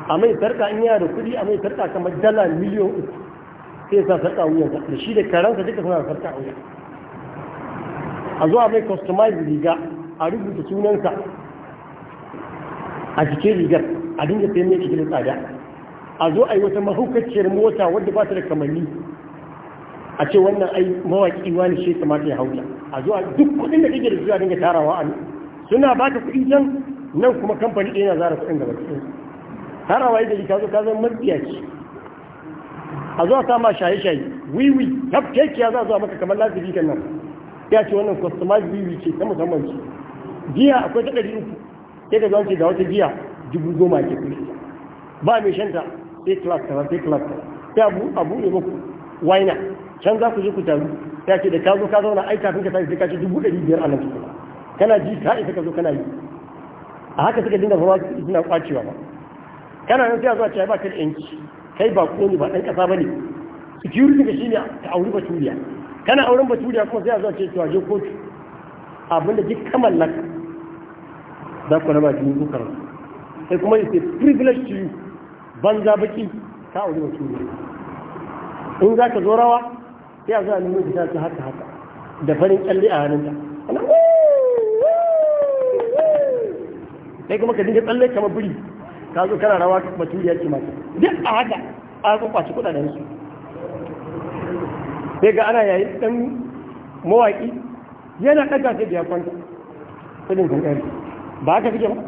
[SPEAKER 1] a mai sarƙa in yana da kuɗi a mai sarƙa kamar dala miliyan uku sai sa sarƙa wuyansa da shi da karanta duka suna sarƙa wuya a zo a mai customize riga a rubuta sunansa a cikin rigar a dinga sayan mai cikin tsada a zo a yi wata mahaukaciyar mota wadda ba ta da kamanni a ce wannan ai mawaki wani shi kamata ya hauta a zo a duk kudin da kake da su a dinga tarawa a suna ba ka kuɗi can nan kuma kamfani ɗaya na zara kuɗin da cikin tarawa ya gari ka zo ka zama mabiya ce a zo a sama shaye-shaye wiwi tafkekiya za a zo a maka kamar lafiya kan nan ya ce wannan customer wiwi ce ta musamman ce jiya akwai ta ɗari uku sai ka zance da wata giya dubu goma ke kuɗi ba mai shanta A class ta rafi class ta sai abu abu ne muku waina can za ku je ku taru sai ce da ka zo ka zauna ai kafin ka sai ka ci dubu ɗari biyar a nan tukuna kana ji ka isa ka zo kana yi a haka suka dinga zama suna kwacewa ba kana nan sai a zuwa cewa ba ka da yanki kai ba ko ne ba ɗan ƙasa ba ne security ka ne ka auri baturiya kana auren baturiya kuma sai a zuwa ce to a je kotu abinda duk ka za ku raba jini ku karatu sai kuma yace privilege to you banza baki ka aure wa ne in za ka zo rawa sai a zo a ta ta haka haka da farin kyalle a hannunta sai kuma ka dinga tsalle kamar biri ka zo kana rawa baturiya ce mata duk a haka a kwakwace kudaden su sai ga ana yayi dan mawaki yana ɗaga sai da ya kwanta sai din kan ba ka suke ba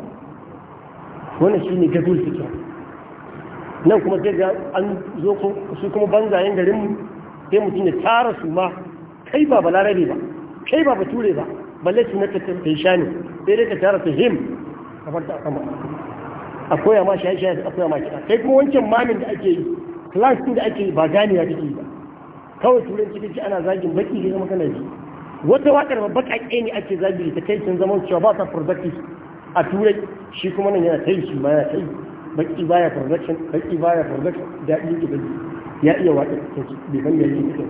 [SPEAKER 1] wannan shi ne gadul suke nan kuma sai ga an zo su kuma banzayen garin sai mutum ya tara su ma kai ba balarabe ba kai ba bature ba balle su na tattata sha ne sai dai ka tara su him a farta a sama a koya ma shaye shaye a koya ma kiɗa kai kuma wancan mamin da ake yi class da ake yi ba ganewa ke yi ba kawai turanci ji ana zagin baki ga zama kana ji wata waƙar ba baƙaƙe ne ake zagi ta kai sun zama cewa ba sa productive a turai shi kuma nan yana tayi shi baya tayi baki baya production baki baya production da yake bai ya iya waƙe cikin bai san yake cikin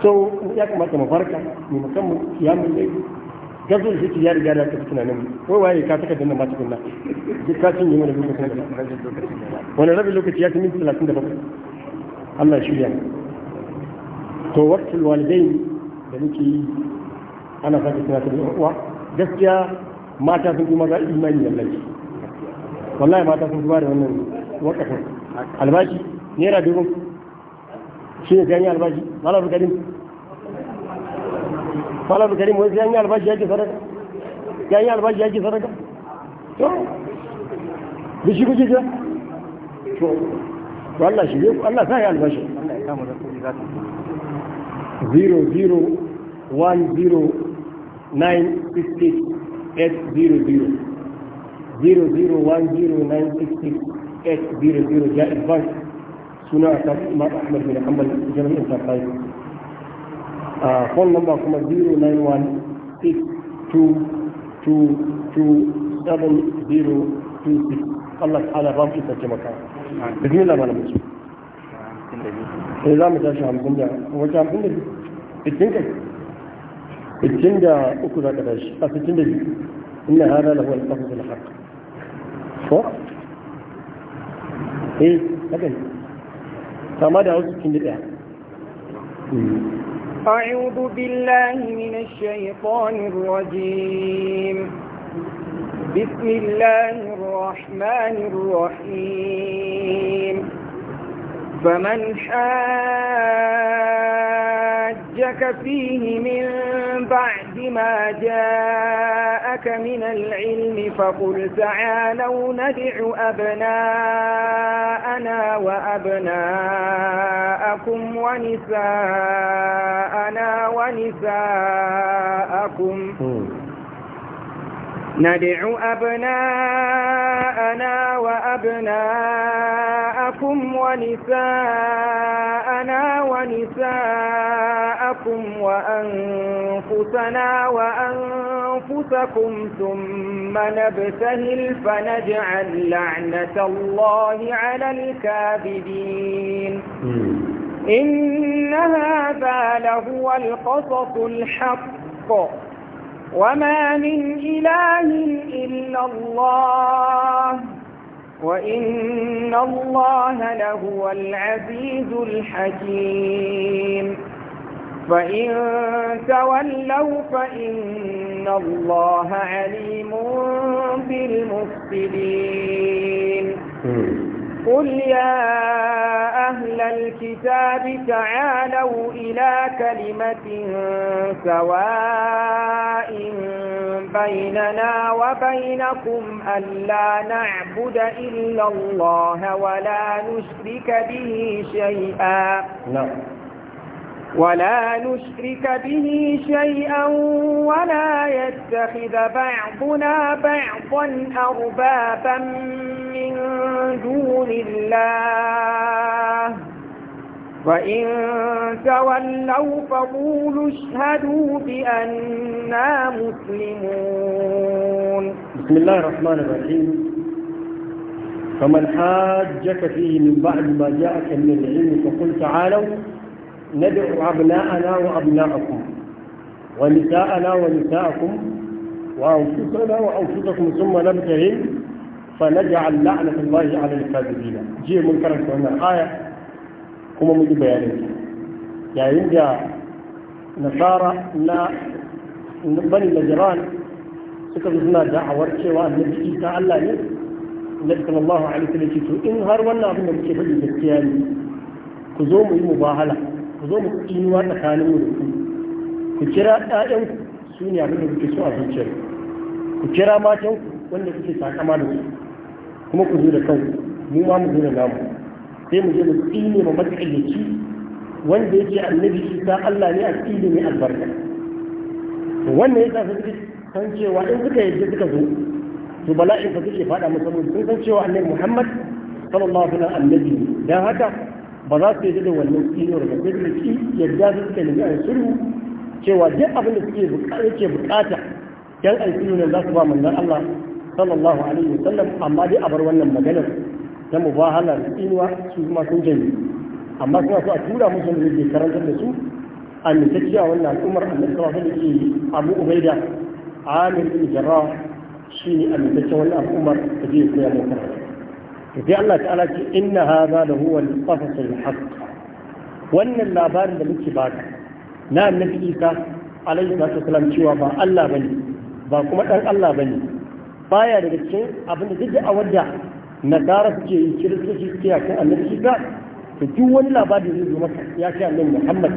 [SPEAKER 1] su so ya kamata mu farka mu musamman ya mun dai gazon shi ya riga da ka tunanin ko waye ka saka dinnan ma tukunna duk ka cinye mana lokacin da wani rabin lokaci ya tumin 37 Allah shi ya to waqtul walidain da nake yi ana fata tunanin da uwa gaskiya mata sun kuma maza imani da laifi wallahi mata sun kuma da wannan wakafin albashi naira dubu shi ne sayan albashi malar karim malar karim wani sayan albashi yake sadaka sayan albashi yake sadaka to bishi shi kuke to Allah shi ne Allah sa ya albashi Allah ya kama da kuɗi za ta 800 0010966 jaiz bank a tafi imam ahmad a phone number kuma 09162227026 Allah da ستند أكو ذا قداش آه، إن هذا لهو القصص الحق صح إيه لكن فما دعوه ستند
[SPEAKER 2] أعوذ بالله من الشيطان الرجيم بسم الله الرحمن الرحيم فمن حاجك فيه من بعد ما جاءك من العلم فقل تعالوا ندع أبناءنا وأبناءكم ونساءنا ونساءكم ندعو أبناءنا وأبناءكم ونساءنا ونساءكم وأنفسنا وأنفسكم ثم نبتهل فنجعل لعنة الله على الكاذبين إن هذا لهو القصص الحق وما من إله إلا الله وإن الله لهو العزيز الحكيم فإن تولوا فإن الله عليم بالمفسدين قل يا أهل الكتاب تعالوا إلى كلمة سواء بيننا وبينكم ألا نعبد إلا الله ولا نشرك به شيئا نعم ولا نشرك به شيئا ولا يتخذ بعضنا بعضا أربابا من دون الله وإن تولوا فقولوا اشهدوا بأننا مسلمون
[SPEAKER 1] بسم الله الرحمن الرحيم فمن حاجك فيه من بعد ما جاءك من العلم فقل تعالوا ندعو أبناءنا وأبناءكم ونساءنا ونساءكم وأنفسنا وأنفسكم ثم نبتهل فنجعل لعنة الله على الكاذبين جي منكر هنا الآية كما مجي بيانك يعني إنجا نصارى نا بني نجران سكر سنة دعوة شوى النبي إيسا الله ne Nabi sallallahu alaihi wasallam ce to in har wannan abin da muke faɗi gaskiya ne ku zo mu yi mubahala ku zo mu tsinuwa tsakanin da ku Ku kira ɗayan su ne abin da kuke so a zuciyar ku kira matan wanda kuke takama da su kuma ku zo da kanku mu ma mu zo da namu sai mu je mu tsine ma matsakaici wanda yake annabi isa Allah ne a tsine mai albarka wannan yasa sun san cewa in suka yadda suka zo to bala'in ka suke faɗa musamman sun san cewa annabi Muhammad sallallahu alaihi wasallam annabi dan haka ba za su yi da wannan tsinuwar ba sai da ki yadda su suka nemi a sulhu cewa duk abin da suke yake bukata yan alfiyu ne za su ba manzon Allah sallallahu alaihi wasallam amma dai a bar wannan maganar ta mubahalar tsinuwa su kuma sun janye amma suna so a tura musu da zai karantar da su a amintacciya wannan al'ummar annabi sallallahu alaihi wasallam Abu Ubaida Amir bin Jarrah shi ne a amintaccen wannan al'ummar da zai koya mu karatu sai Allah ta'ala ce inna hadha la huwa al-qasas al-haqq wannan labarin da muke baka na annabi Isa alaihi wasallam cewa ba Allah bane ba kuma dan Allah bane baya daga cikin abin da duk da awadda nasara suke yi kiristoci suke yakin annabi Isa to duk wani labarin da zai masa ya ce annabi Muhammad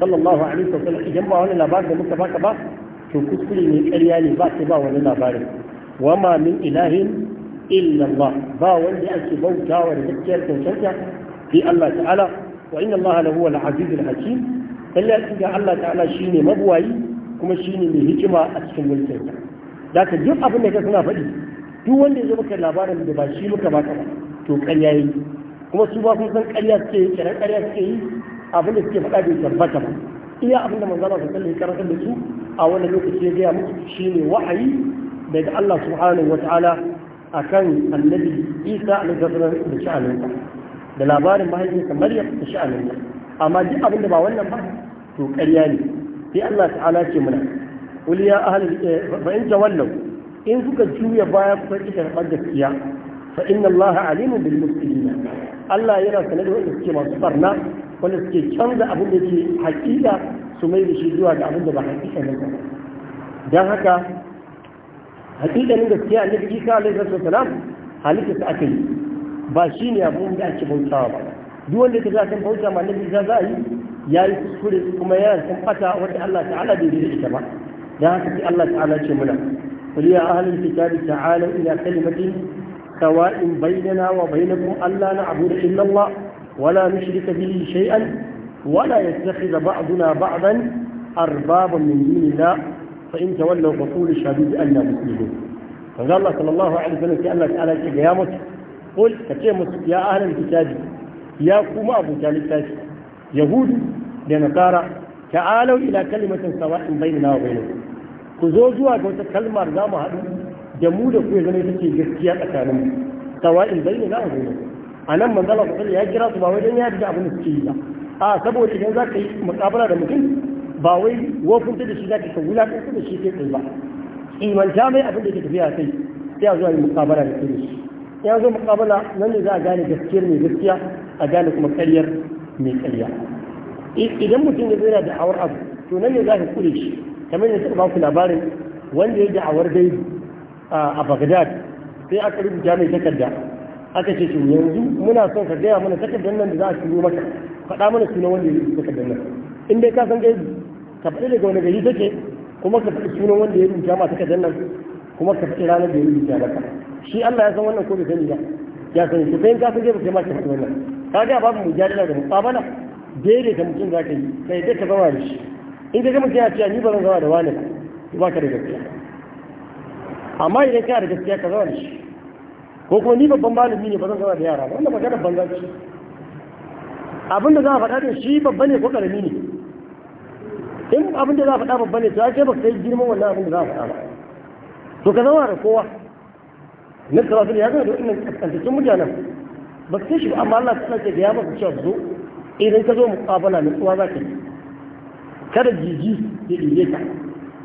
[SPEAKER 1] sallallahu alaihi wasallam idan ba wani labarin da muka baka ba to kuskure ne ƙarya ne ba sai ba wani labarin wama min ilahin إلا الله با وندي أكي بوتا ونذكر توسنك في الله تعالى وإن الله لهو العزيز الحكيم فلا أكي الله تعالى شيني مبواي كما شيني مهجمة أسكن ملتين لكن duk abin da ka suna faɗi duk wanda ya maka labaran da ba shi muka baka ba to ƙarya yi kuma su karya kun san ƙarya yi kiran ƙarya suke yi abin da suke faɗa bai tabbata ba iya abin da manzana su kalli da su a wannan lokaci ya gaya musu shine wahayi daga Allah subhanahu wa ta'ala akan annabi isa alaihi wasallam da sha'aninsa da labarin mahaifinsa maryam da sha'aninsa amma duk abin da ba wannan ba to ƙarya ne sai Allah ta'ala ce muna qul ya ahli ba eh, in tawallaw in suka juya baya kuka ki karɓar gaskiya fa inna Allah alimun bil mufsidin Allah yana sanar da wanda suke masu barna wanda suke canza abin da yake haƙiƙa su mai da shi zuwa ga abin da ba haƙiƙa ne ba dan haka hakikanin gaskiya annabi isa alaihi wasallam halitta ta aka yi ba shi ne abun da ake bautawa ba duk wanda ka za san bauta ma annabi za ya yi kuskure kuma ya san fata wanda Allah ta'ala bai da ita ba dan haka sai Allah ta'ala ce mana qul ya ahlul kitabi ina ila kalimatin sawa'in bainana wa bainakum alla na'budu illa Allah ولا نشرك به شيئا ولا يتخذ بعضنا بعضا أربابا من دون الله فإن تولوا فقولوا شهدوا بأن مسلمون فقال الله صلى الله عليه وسلم كأن الله تعالى قيامت قل كتيمت يا أهل الكتاب يا قوم أبو جالب يهود لنصارى تعالوا إلى كلمة سواء بيننا وبينكم كزوجوا قلت كلمة رضام هذا جمود في زمن تكي جسكيا أكانم سواء بيننا وبينكم أنا من ذلك قلت يا جراس باوجين يا رجع بنسكيلا آه سبوة إذن ذاك مقابلة ممكن ba wai wofinta da shi za ka ko da shi kai tsaye ba imanta mai abin da ke tafiya kai sai a zuwa yi mukabala da kai shi ya zo mukabala nan ne za a gane gaskiyar mai gaskiya a gane kuma karyar mai ƙarya idan mutum ya zira da awar abu to nan ne za ka kure shi kamar yadda ba ku labarin wanda ya da'awar dai a Baghdad sai aka rubuta mai takarda aka ce to yanzu muna son ka gaya mana takardar nan da za a shigo maka faɗa mana sunan wanda ya rubuta takardar nan in dai ka san gaibi ka faɗi daga wani gari take kuma ka faɗi sunan wanda ya rubuta ma taka jannan kuma ka faɗi ranar da ya rubuta maka shi Allah ya san wannan ko bai sani ba ya sani to kai ka san dai ba kai ma ka faɗi wannan kaga babu mujadala da muqabala daidaita mutum za ka yi kai dai ka zama da shi in ka ga mutum ya ce ni ba zan zama da wani ba ba ka da gaskiya amma idan ka da gaskiya ka zama da shi ko kuma ni babban malami ne ba zan zama da yara ba wannan magana banza ce abin da za a faɗa da shi babba ne ko ƙarami ne in abin da za a faɗa babban ne to ake ba kai girman wannan abin da za a faɗa ba to ka zama da kowa na karatu ya gana da wannan kaskantaccen mutanen ba su shi ba amma Allah ta ce ga ya maka cewa zo idan ka zo mu muƙabala ne kuma za ka yi kada jiji ya ɗige ka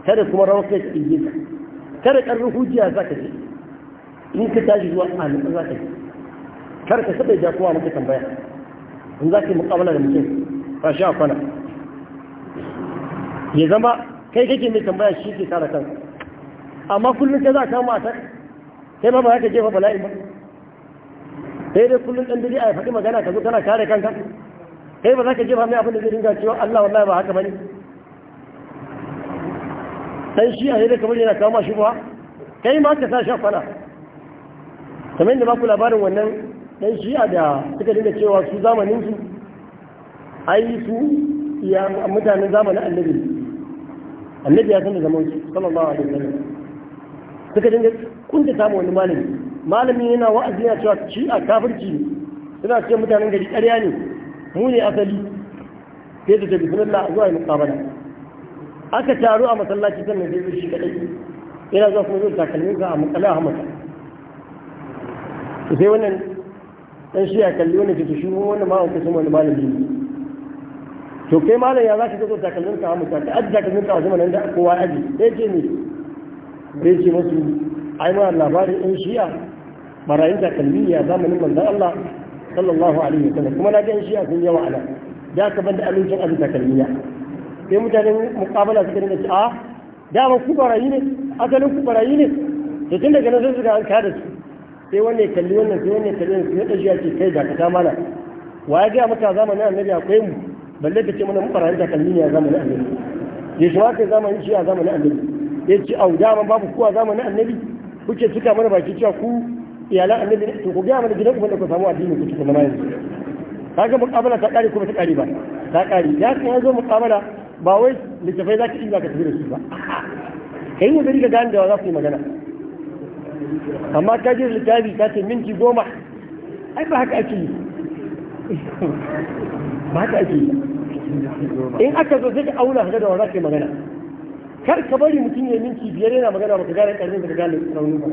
[SPEAKER 1] kada kuma rawar kai ka ɗige ka kada ƙarfin hujja za ka je in ka tashi zuwa a za ka yi kar ka saba ja kowa maka tambaya in za ka yi muƙabala da mutum ba shi a kwana ya zama kai kake mai tambaya shi ke kare kan amma kullum ka za ka mata kai ba ba ka jefa bala'i ba sai dai kullum ɗan bidi a faɗi magana ka zo kana kare kanka kai ba za ka jefa mai abin da zai dinga cewa Allah wallahi ba haka bane dan shi a yadda kamar yana kama shi ba kai ma ka sa shi fana, kamar da ba ku labarin wannan dan a da suka dinga cewa su zamanin su ai su ya mutanen zamanin annabi annabi ya san da zaman su sallallahu alaihi wasallam suka dinga kunta samu wani malami malami yana wa'azi yana cewa shi a kafirci ne suna cewa mutanen gari ƙarya ne mu ne asali sai da tafi sunalla zuwa yi muqabala aka taru a masallaci sannan sai zai shi kadai yana zuwa kuma zai takalmin ka a muƙala a hamata sai wannan dan shi ya kalli wannan ke shi wannan ma wani malami ne to kai malam ya zaka zo takalmin ka mu ta aji takalmin ka zaman da kowa aji sai ce ni sai ce musu ai ma labarin in shi'a barayin takalmi ya zamanin manzon Allah sallallahu alaihi wasallam kuma na ga shi'a sun yawa ana da ka banda amincin aji takalmiya sai mutanen mukabala suka dinga ce a Da ba ku barayi ne asalin ku barayi ne to tun daga nan sai suka an kada su sai wanne kalli wannan sai wanne kalli wannan sai shi ya ce kai da ka ta mana wa ya ga maka zamanin annabi akwai mu balle ka ce mana mun fararen takalmi ne a zamanin annabi ya shi haka zamanin shi a zamanin annabi ya ce au dama babu kowa zamanin annabi kuke cika mana baki cewa ku iyalan annabi to ku gaya mana gidan ku da ku samu addini ku cikin zamanin kaga muqabala ta kare kuma ta kare ba ta kare ya kan zo muqabala ba wai littafai za ka iya ka tafi da su ba kai ne bari ka gane da za ku yi magana amma ka je littafi ka ce minti goma ai ba haka ake yi ba haka ake in aka zo sai ka auna ka da wanda yi magana kar ka bari mutum ya minti biyar yana magana ba ka gane karfin ka gane raunin ba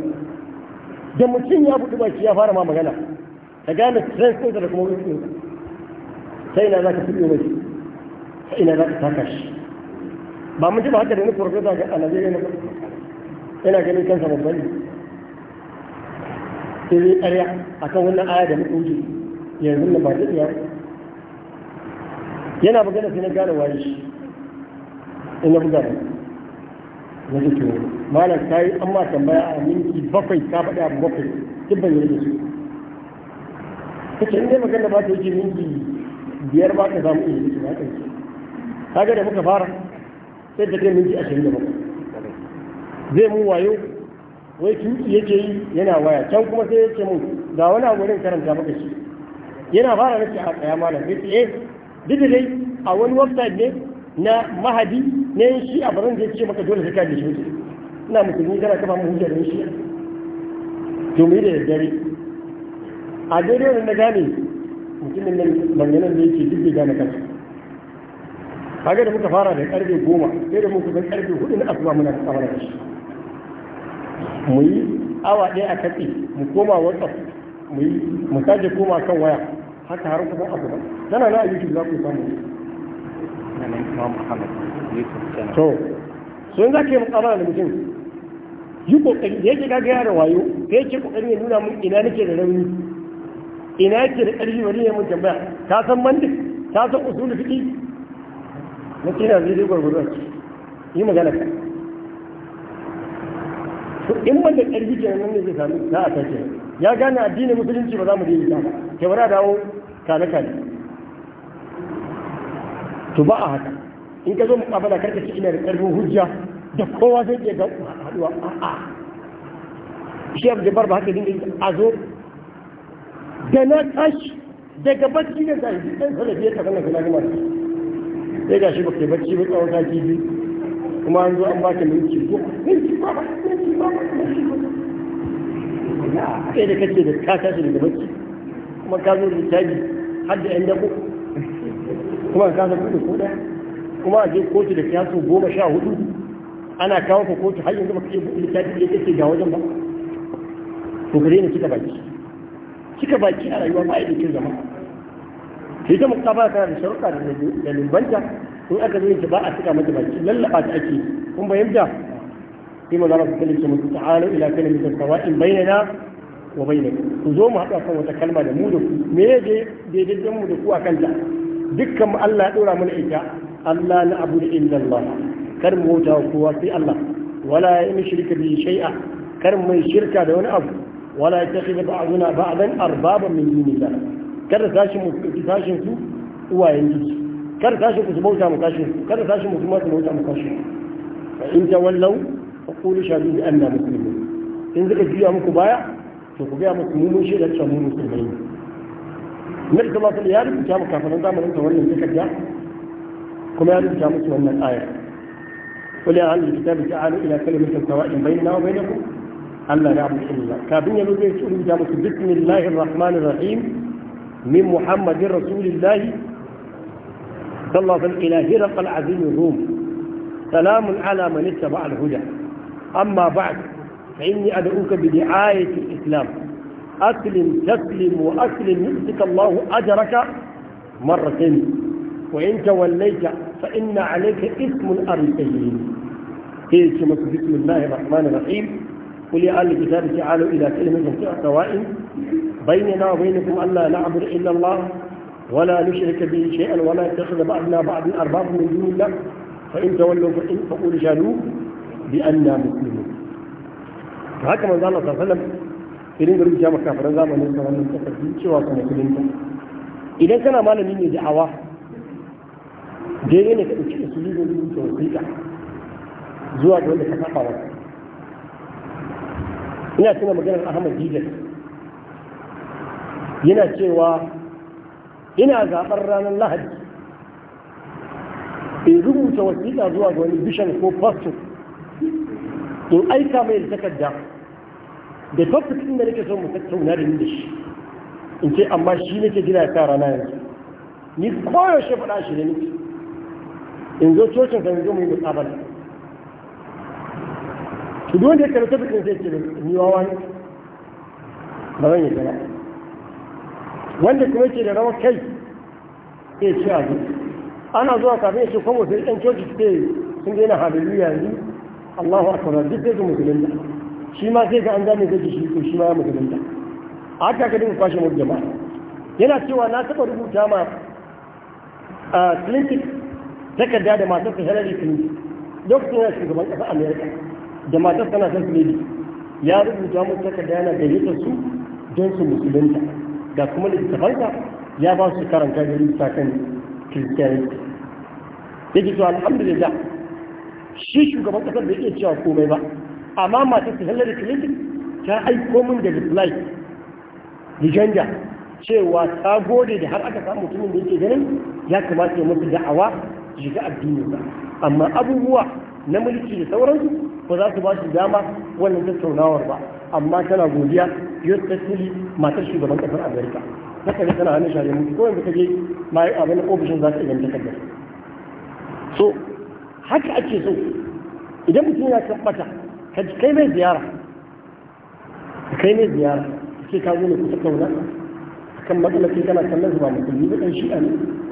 [SPEAKER 1] da mutum ya buɗe baki ya fara ma magana ka gane strength da kuma weak ɗinsa sai ina za ka fi mai sai ina za ka taka shi ba mun ji ba haka da wani profesa ga Najeriya na yana ganin kansa babban ne sai zai ƙarya kan wannan aya da mutum yanzu na ba ta iya yana magana sai na gane waye shi ina na buga na jikin wani malam ta yi amma tambaya a minti bakwai ta faɗi abu bakwai duk ban yi su ta ce inda magana ba ta yi minti biyar ba ka samu iya jikin ba kai ta da muka fara sai ta kai minti ashirin da bakwai zai mu wayo wai tuki yake yi yana waya can kuma sai yake mu ga wani abu karanta maka shi yana fara nake a tsaya malam sai eh duk dai a wani website ne na mahadi ne shi a barin da ya ce maka dole sai da shi wuce ina musulmi kana kafa mu hujja da shi to mu da dare a daidai ne na gane mutumin nan banganan da yake duk da gane kansa kaga da muka fara da karfe goma sai da muka ga karfe hudu na asuba muna kamar da shi mu yi awa ɗaya a katse mu koma whatsapp mu yi mu sake koma kan waya haka har kuma abu ba yana na yi za ku samu to so in za ka yi da mutum yi kokari da yake gaga da wayo da yake kokari ya nuna mun ina nake da rauni ina yake da ƙarfi wani ya mun tambaya ka san mandi ka san usulul fiqi na kina zai dai gurgurdan yi magana ka to in ban da ƙarfi kenan nan ne zai sami za a tashi ya gane addinin musulunci ba za mu daina ba ke bara dawo tane-tane to ba a haka in ka zo mu kafada karka ci ina da karfin hujja da kowa zai iya ga haduwa a'a shi abu da ba haka dinga a zo da na tashi daga bacci da zai yi ɗan sarrafi ya tafi na gina gina sai ga shi ba bacci ba tsawon sati biyu kuma an zo an baka minti ko minti ba ba minti ba ba minti ba sai da kake da ka tashi daga bacci kuma ka zo da caji hadda yan dako kuma ka zo da kuda kuma a je kotu da siyasu goma sha hudu ana kawo ka kotu har yanzu baka iya buɗe caji da kake ga wajen ba to gare ni kika baki kika baki a rayuwa ba da kin zama ke ta muka ba kana da sharuɗa da na da limbanta in aka zo yin ba a saka mata baki lallaba ta ake kun bayyana sai mu zama su kalli ce mutu ta'ala ila kalmi da sawa'in bainana wa bainak ku zo mu haɗu akan wata kalma da mu da ku me ya dai dai mu da ku a kanta dukkan mu Allah ya dora mana ita Allah na abu da inda Allah kar mu bauta wa kowa sai Allah wala ya yi shirka bi shay'a kar mu shirka da wani abu wala ya takhidha ba'duna ba'dan arbaban min dunillah kar sashin mu sashin su uwayen jiki kar sashin ku su bauta mu kashin kar sashin mu kuma su bauta mu kashin fa in wallau fa qulu shahadu bi anna muslimun in zaka juya muku baya قل يا أهل الكتاب تعالوا إلى كلمة سواء بيننا وبينكم ألا نعبد إلا الله كابن يقول بسم الله الرحمن الرحيم من محمد رسول الله صلى الله عليه وسلم إلى هرق العزيز الروم سلام على من اتبع الهدى أما بعد فإني أدعوك بدعاية الإسلام أسلم تسلم وأسلم يؤتك الله أجرك مرة وإن توليت فإن عليك اسم الأرسلين كيف بسم الله الرحمن الرحيم قل يا أهل الكتاب تعالوا إلى كلمة سواء بيننا وبينكم ألا نعبد إلا الله ولا نشرك به شيئا ولا يتخذ بعضنا بعض الأرباب من دون الله فإن تولوا فإن فقولوا شهدوا بأننا مسلمون to haka manzo Allah sallallahu alaihi wasallam idan ga rubuta maka zamanin sa wannan takardu cewa ka musulunta idan kana malami ne da'awa daidai ne ka ɗauki usuli da rubuta wasiƙa zuwa ga wanda ka saba wa ina tuna maganar Ahmad Dijal yana cewa ina zaɓar ranar Lahadi bai rubuta wasiƙa zuwa ga wani bishan ko pastor in aika mai da takarda da topic din da nake son mu tattauna da ni da shi in ce amma shi nake gina ka rana yanzu ni koyaushe faɗa shi da nake in zo cocin kan zo mu yi mutsabala to duk wanda ya karanta topic zai sai da ni wawa ne ba zan yi gaba wanda kuma yake da rawar kai sai ce a ana zuwa kafin ya ce kuma sai ɗan coci sai sun daina hallelujah yanzu Allahu akbar duk sai su musulunta shi ma sai ga an gane zai shi ko shi ma ya musulunta haka ka dinga kwashe mutu jama'a yana cewa na taɓa rubuta ma a clinton takarda da matar ta hillary clinton lokacin yana shugaban ƙasar america da matar tana san su ya rubuta musu takarda yana gayyatar su don su musulunta ga kuma tafanta ya ba su karanta da rubuta kan christianity yake to alhamdulillah shi shugaban ƙasar bai iya cewa komai ba amma masu su clinton ta aiko min da reply janja cewa ta gode da har aka samu mutumin da yake ganin ya kamata ya mutu da'awa shiga addini ba amma abubuwa na mulki da sauransu ba za su ba su dama wannan tattaunawar ba amma tana godiya yau ta tuli matar shugaban kasar amerika na kare tana hannun shari'a mutu ko yanzu kaje ma yi abin ofishin za su iya takardar so haka ake so idan mutum ya tabbata كانت كلمة زيارة كلمة زيارة كي كاوين كتبنا هنا كم مثلا كي كان كلمة هو مسلمي بكن شيئا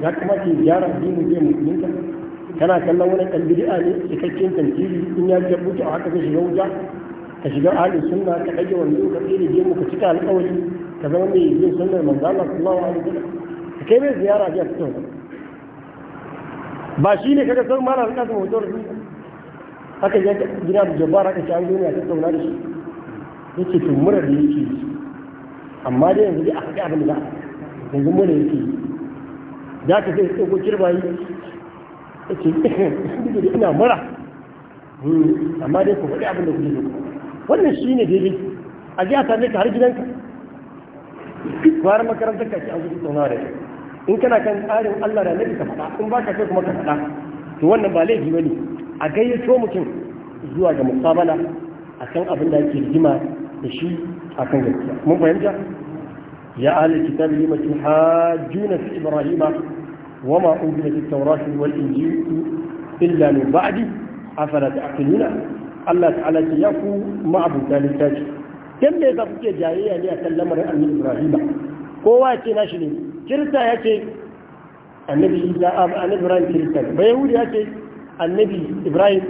[SPEAKER 1] يا كما كي زيارة دين ودين مسلمين كنا كنا ونا كان آلي لي كتبين تنتيجي إن يا جبوت أو حتى كشي يوجع كشي جاء أهل السنة كحاجة وندو كثير دين وكتبت على الأول كزمان لي دين سنة من الله الله عليه وسلم كلمة زيارة جاء كتبنا ba shi ne kaga sun mara alƙasar haka ya gina da jabbar haka shi an zo ne tattauna da shi ya ce to da yake yi amma dai yanzu dai a faɗi abin da yanzu murar yake yi za ka sai ko kirba yi ya ce duk da ina mura hmm, amma dai ku faɗi abin da kuke so wannan shi ne daidai a ji a same ka har gidanka kwarar makarantar ka ce an zuci tauna da in kana kan tsarin Allah da nabi ka faɗa in ba ka kai kuma ka faɗa to wannan ba laifi ba ne a gayyato mutum zuwa ga a kan abin da ake rigima da shi a kan gaskiya mun fahimta ya ahli kitabi lima tuhajjuna fi ibrahima wama unzila fi tawrati wal injil illa min ba'di afala ta'qiluna Allah ta'ala ya ku ma'abuta littafi dan me za ku ke jayayya ne akan lamarin annabi ibrahima kowa ce nashi ne kirista ya ce annabi isa annabi ibrahim kirista ba yahudi ya ce annabi ibrahim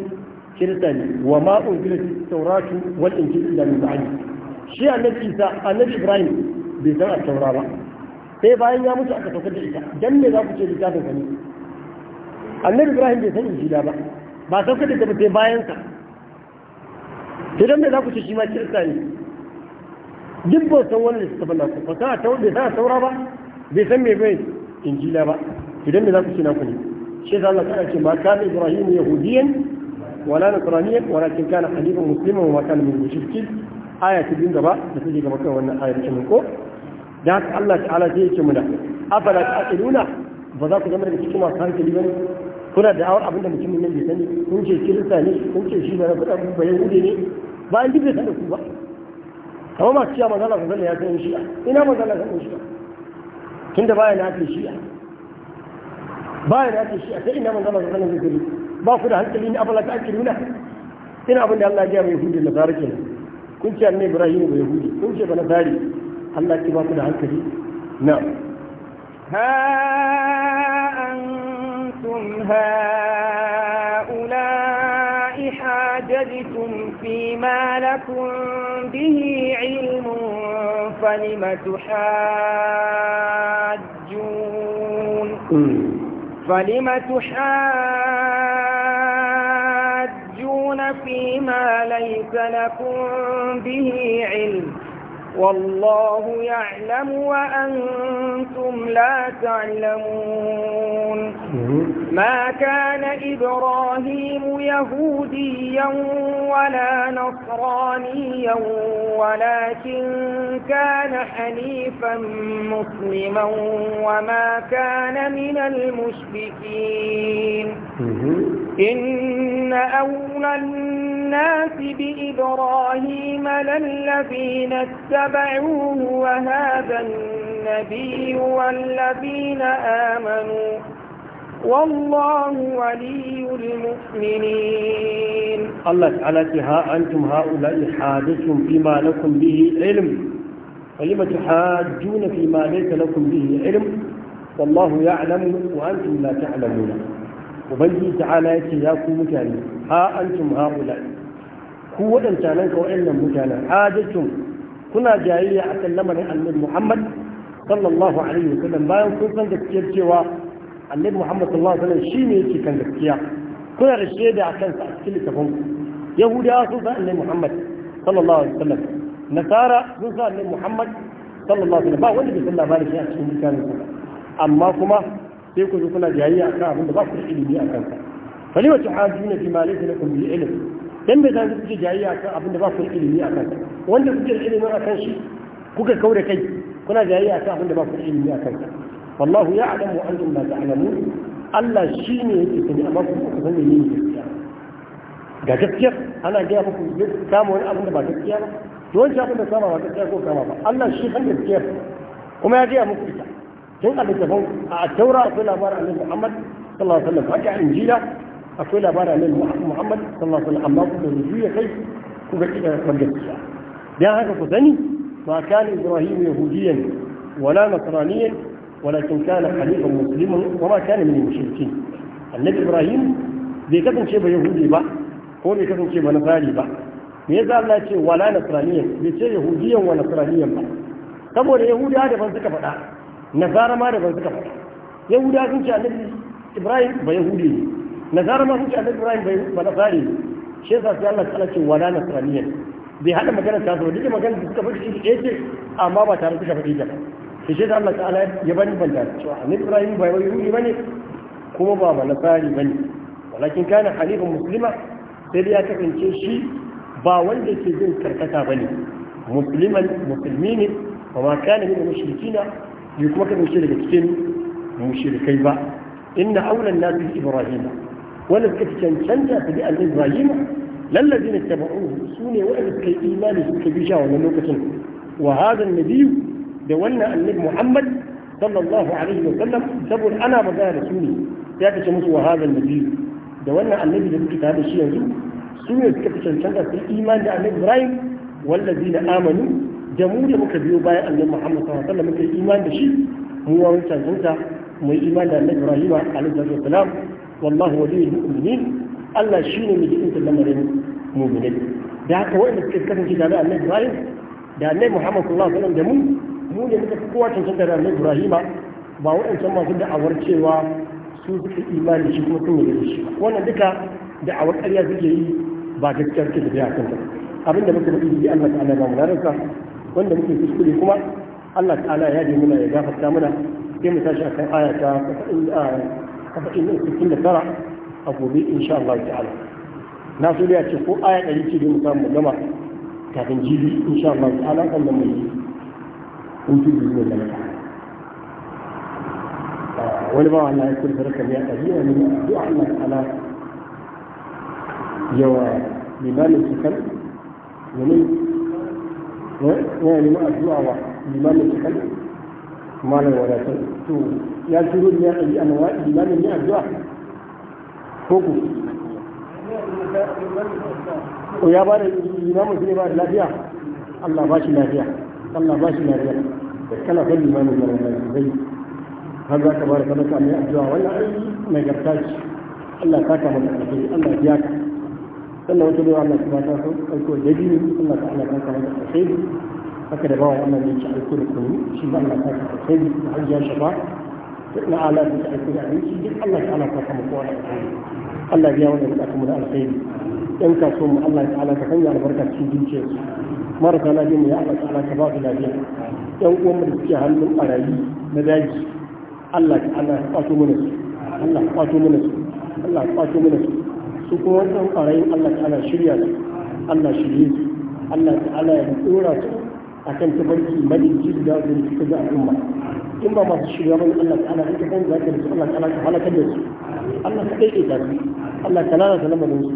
[SPEAKER 1] kirista ne wa ma unzila tauratu wal injil illa min ba'di shi annabi isa annabi ibrahim bai san at-taura ba sai bayan ya mutu aka saukar da ita dan me za ku ce littafin sani annabi ibrahim bai san injila ba ba saukar da ita ba sai bayan ka sai dan me za ku ce shi ma kirista ne duk ba san wani littafin na ku ba sa a taura ba bai san me bai injila ba idan me za ku ce na ku ne shi za ka ce ma kana ibrahim yahudiyan wala nasraniyan walakin kana halifan musliman wa kana min mushrikin aya ta bin gaba da take gaba kan wannan ayar kin ko da haka Allah ta'ala zai ba za ku zama daga cikin masu hankali bane kuna da awar abinda mutumin nan bai sani kun ce kirista ne kun ce shi ba na faɗa ba yahudi ne ba an jibe sanar kamar masu ya ina baya na fi باير هذه الشيء أتري من الله سبحانه وتعالى بافر هل تلين أبلا تأكل هنا إن أبلا الله جاء يهود النصارج كل شيء من إبراهيم ويهود كل شيء من ذلك الله كبافر هل تلين نعم
[SPEAKER 2] ها أنتم هؤلاء حاجزتم فيما لكم به علم فلم تحاجون 嗯。Mm. فلم تحاجون فيما ليس لكم به علم والله يعلم وأنتم لا تعلمون ما كان إبراهيم يهوديا ولا نصرانيا ولكن كان حنيفا مسلما وما كان من المشركين إن أولى الناس الناس بإبراهيم للذين اتبعوه وهذا النبي والذين آمنوا والله ولي المؤمنين
[SPEAKER 1] الله تعالى ها أنتم هؤلاء حادثتم فيما لكم به علم فلم تحاجون فيما ليس لكم به علم والله يعلم وأنتم لا تعلمون وبنجي تعالى يتياكم كو ha antum haula ku waɗanta nan ka waɗannan mutanen hajjatun kuna jayayya a kan lamarin annabi Muhammad sallallahu alaihi wasallam bayan kun san gaskiyar cewa annabi Muhammad sallallahu alaihi wasallam shine yake kan gaskiya kuna da shaida a sa a cikin littafin ku yahudawa sun san annabi Muhammad sallallahu alaihi wasallam nasara sun san annabi Muhammad sallallahu alaihi wasallam ba wanda bai san labarin shi a cikin littafin amma kuma sai ku zo kuna jayayya akan abin da ba ku da ilimi a sa. falima tuhajuna fi ma laysa lakum bil ilm dan me zan kuke jayayya kan abin da ba ku ilimi a akan wanda kuke da a kan shi kuka kauda kai kuna jayayya kan abin da ba ku ilimi a akan wallahu ya'lamu wa antum la ta'lamun Allah shi ne yake sani amma ku ku san menene gaskiya ga gaskiya ana gaya muku kama wani abin da ba gaskiya ba yawanci abin da kama ba gaskiya ko kama ba Allah shi san gaskiya kuma ya gaya muku ita tun a littafin a taura akwai labarin annabi Muhammad sallallahu alaihi wasallam haka injila akwai labarin annabi Muhammad sallallahu alaihi wasallam amma ku da ya kai ku ga kida magaskiya dan haka ku sani ma kana Ibrahim yahudiyan wala nasraniyan walakin kana halifan musliman wa ma kana min mushrikin annabi Ibrahim bai kasance ba yahudi ba ko bai kasance ba nasari ba me yasa Allah ya ce wala nasraniyan bai ce yahudiyan wa nasraniyan ba saboda yahudiya ban suka faɗa nasara ma da ban suka faɗa yahudiya sun ce annabi Ibrahim ba yahudi ne na zara ma sun ce annabi ibrahim bai balafari shi yasa sai Allah ta'ala ce wala nasraniyan bai hada magana ta zo duka magana da suka faɗi shi ɗaya ce amma ba tare suka faɗi ta ba to shi Allah ta'ala ya bani banta cewa annabi ibrahim bai wai yuri bane kuma ba ma balafari bane walakin kana halifan Musulma, sai dai ya kasance shi ba wanda ke jin karkata bane musliman musulmi ne ba ma kana min mushrikina bai kuma kasance daga cikin mushrikai ba inna aulan nasu ibrahim wanda suka fi cancanta su bi annabi Ibrahim lallazi ne tabauhu su ne waɗanda suka yi imani suka bi shawa wannan lokacin wa hadha nabiyyu da wannan annabi Muhammad sallallahu alaihi wa sallam saboda ana magana da su ne ya kace musu wa hadha nabiyyu da wannan annabi da suke ta da shi yanzu su ne suka fi cancanta su imani da annabi Ibrahim wallazi na amanu da mu da muka biyo bayan annabi Muhammad sallallahu alaihi wa sallam muka yi imani da shi mu wa mun cancanta mu yi imani da annabi Ibrahim alaihi wa sallam wallahu waliyul mu'minin Allah shine mai jikin lamarin mu'minai da haka wanda suka kasance da Annabi Ibrahim da Annabi Muhammad sallallahu alaihi wasallam da mu mu ne muka kowa cancanta da Annabi Ibrahim ba waɗancan masu da'awar cewa su suka imani shi kuma sun yi shi wannan duka da'awar ƙarya suke yi ba gaskiyar ke da biya kanta abinda muka faɗi da Allah ta'ala ba mu rarrasa wanda muke kuskure kuma Allah ta'ala ya ji muna ya gafarta mana sai mu tashi akan aya ta saba'in ne sittin da tara a gobe insha Allah ta'ala na so ya ce ko aya ɗari ce mu samu gama kafin jibi insha Allah ta'ala kan da mai hutu da zuwa gama wani ba Allah ya kula da rakami a ɗari wani addu'a Allah ta'ala yawa limanin su kan wani wani ma addu'a wa limanin su kan malam wadatar to ya turo ya ɗari a nawa imanin ya addu'a ko ku ko ya ba da imamin su ne ba lafiya Allah ba shi lafiya Allah ba shi lafiya da kana son imamin ya rana zai har ka ba da sadaka mai addu'a wannan aiki Allah ta kama da alheri Allah ya ka sannan wata aiko da haka da bawa Allah ne ci aiko da shi ba Allah ta ka sai da hajjiya shafa na ala ta aiko da abinci duk Allah ta ala ta kama kowa da alkhairi Allah biya wanda buƙatu mu da alkhairi yan kaso mu Allah ta ala ta kanya albarka cikin zuciyar marasa lafiya mu ya Allah ta ala ta ba su lafiya ɗan uwan mu da suke hannun barayi na daji Allah ta ala ta mana su Allah ta kwato mana su Allah ta kwato mana su su kuma wannan barayin Allah ta ala shirya su Allah shirye su Allah ta ala ya dora su a kan tabarki maliki da wanda ya fita da al'umma in ba masu shirya bane Allah ta'ala in ka san za ka rufe Allah ta'ala ka halakar da su Allah ka kai ta su Allah ka lalata lamarin su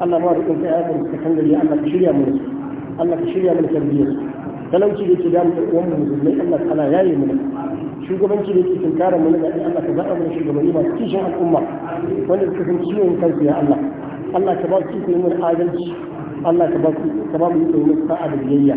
[SPEAKER 1] Allah ma rukun ta yakan ka kan gari Allah ka shirya mana su Allah ka shirya mana tarbiyyar su talauci da ke damu ɗan uwan musulmai Allah ta'ala ya yi mana shugabanci da ke tunkara mana da Allah ka zaɓa mana shugabanni masu kishin al'umma wanda suka san ciwon kansu ya Allah Allah ka ba su ikon mana adalci Allah ka ba mu yi mana sa'a da biyayya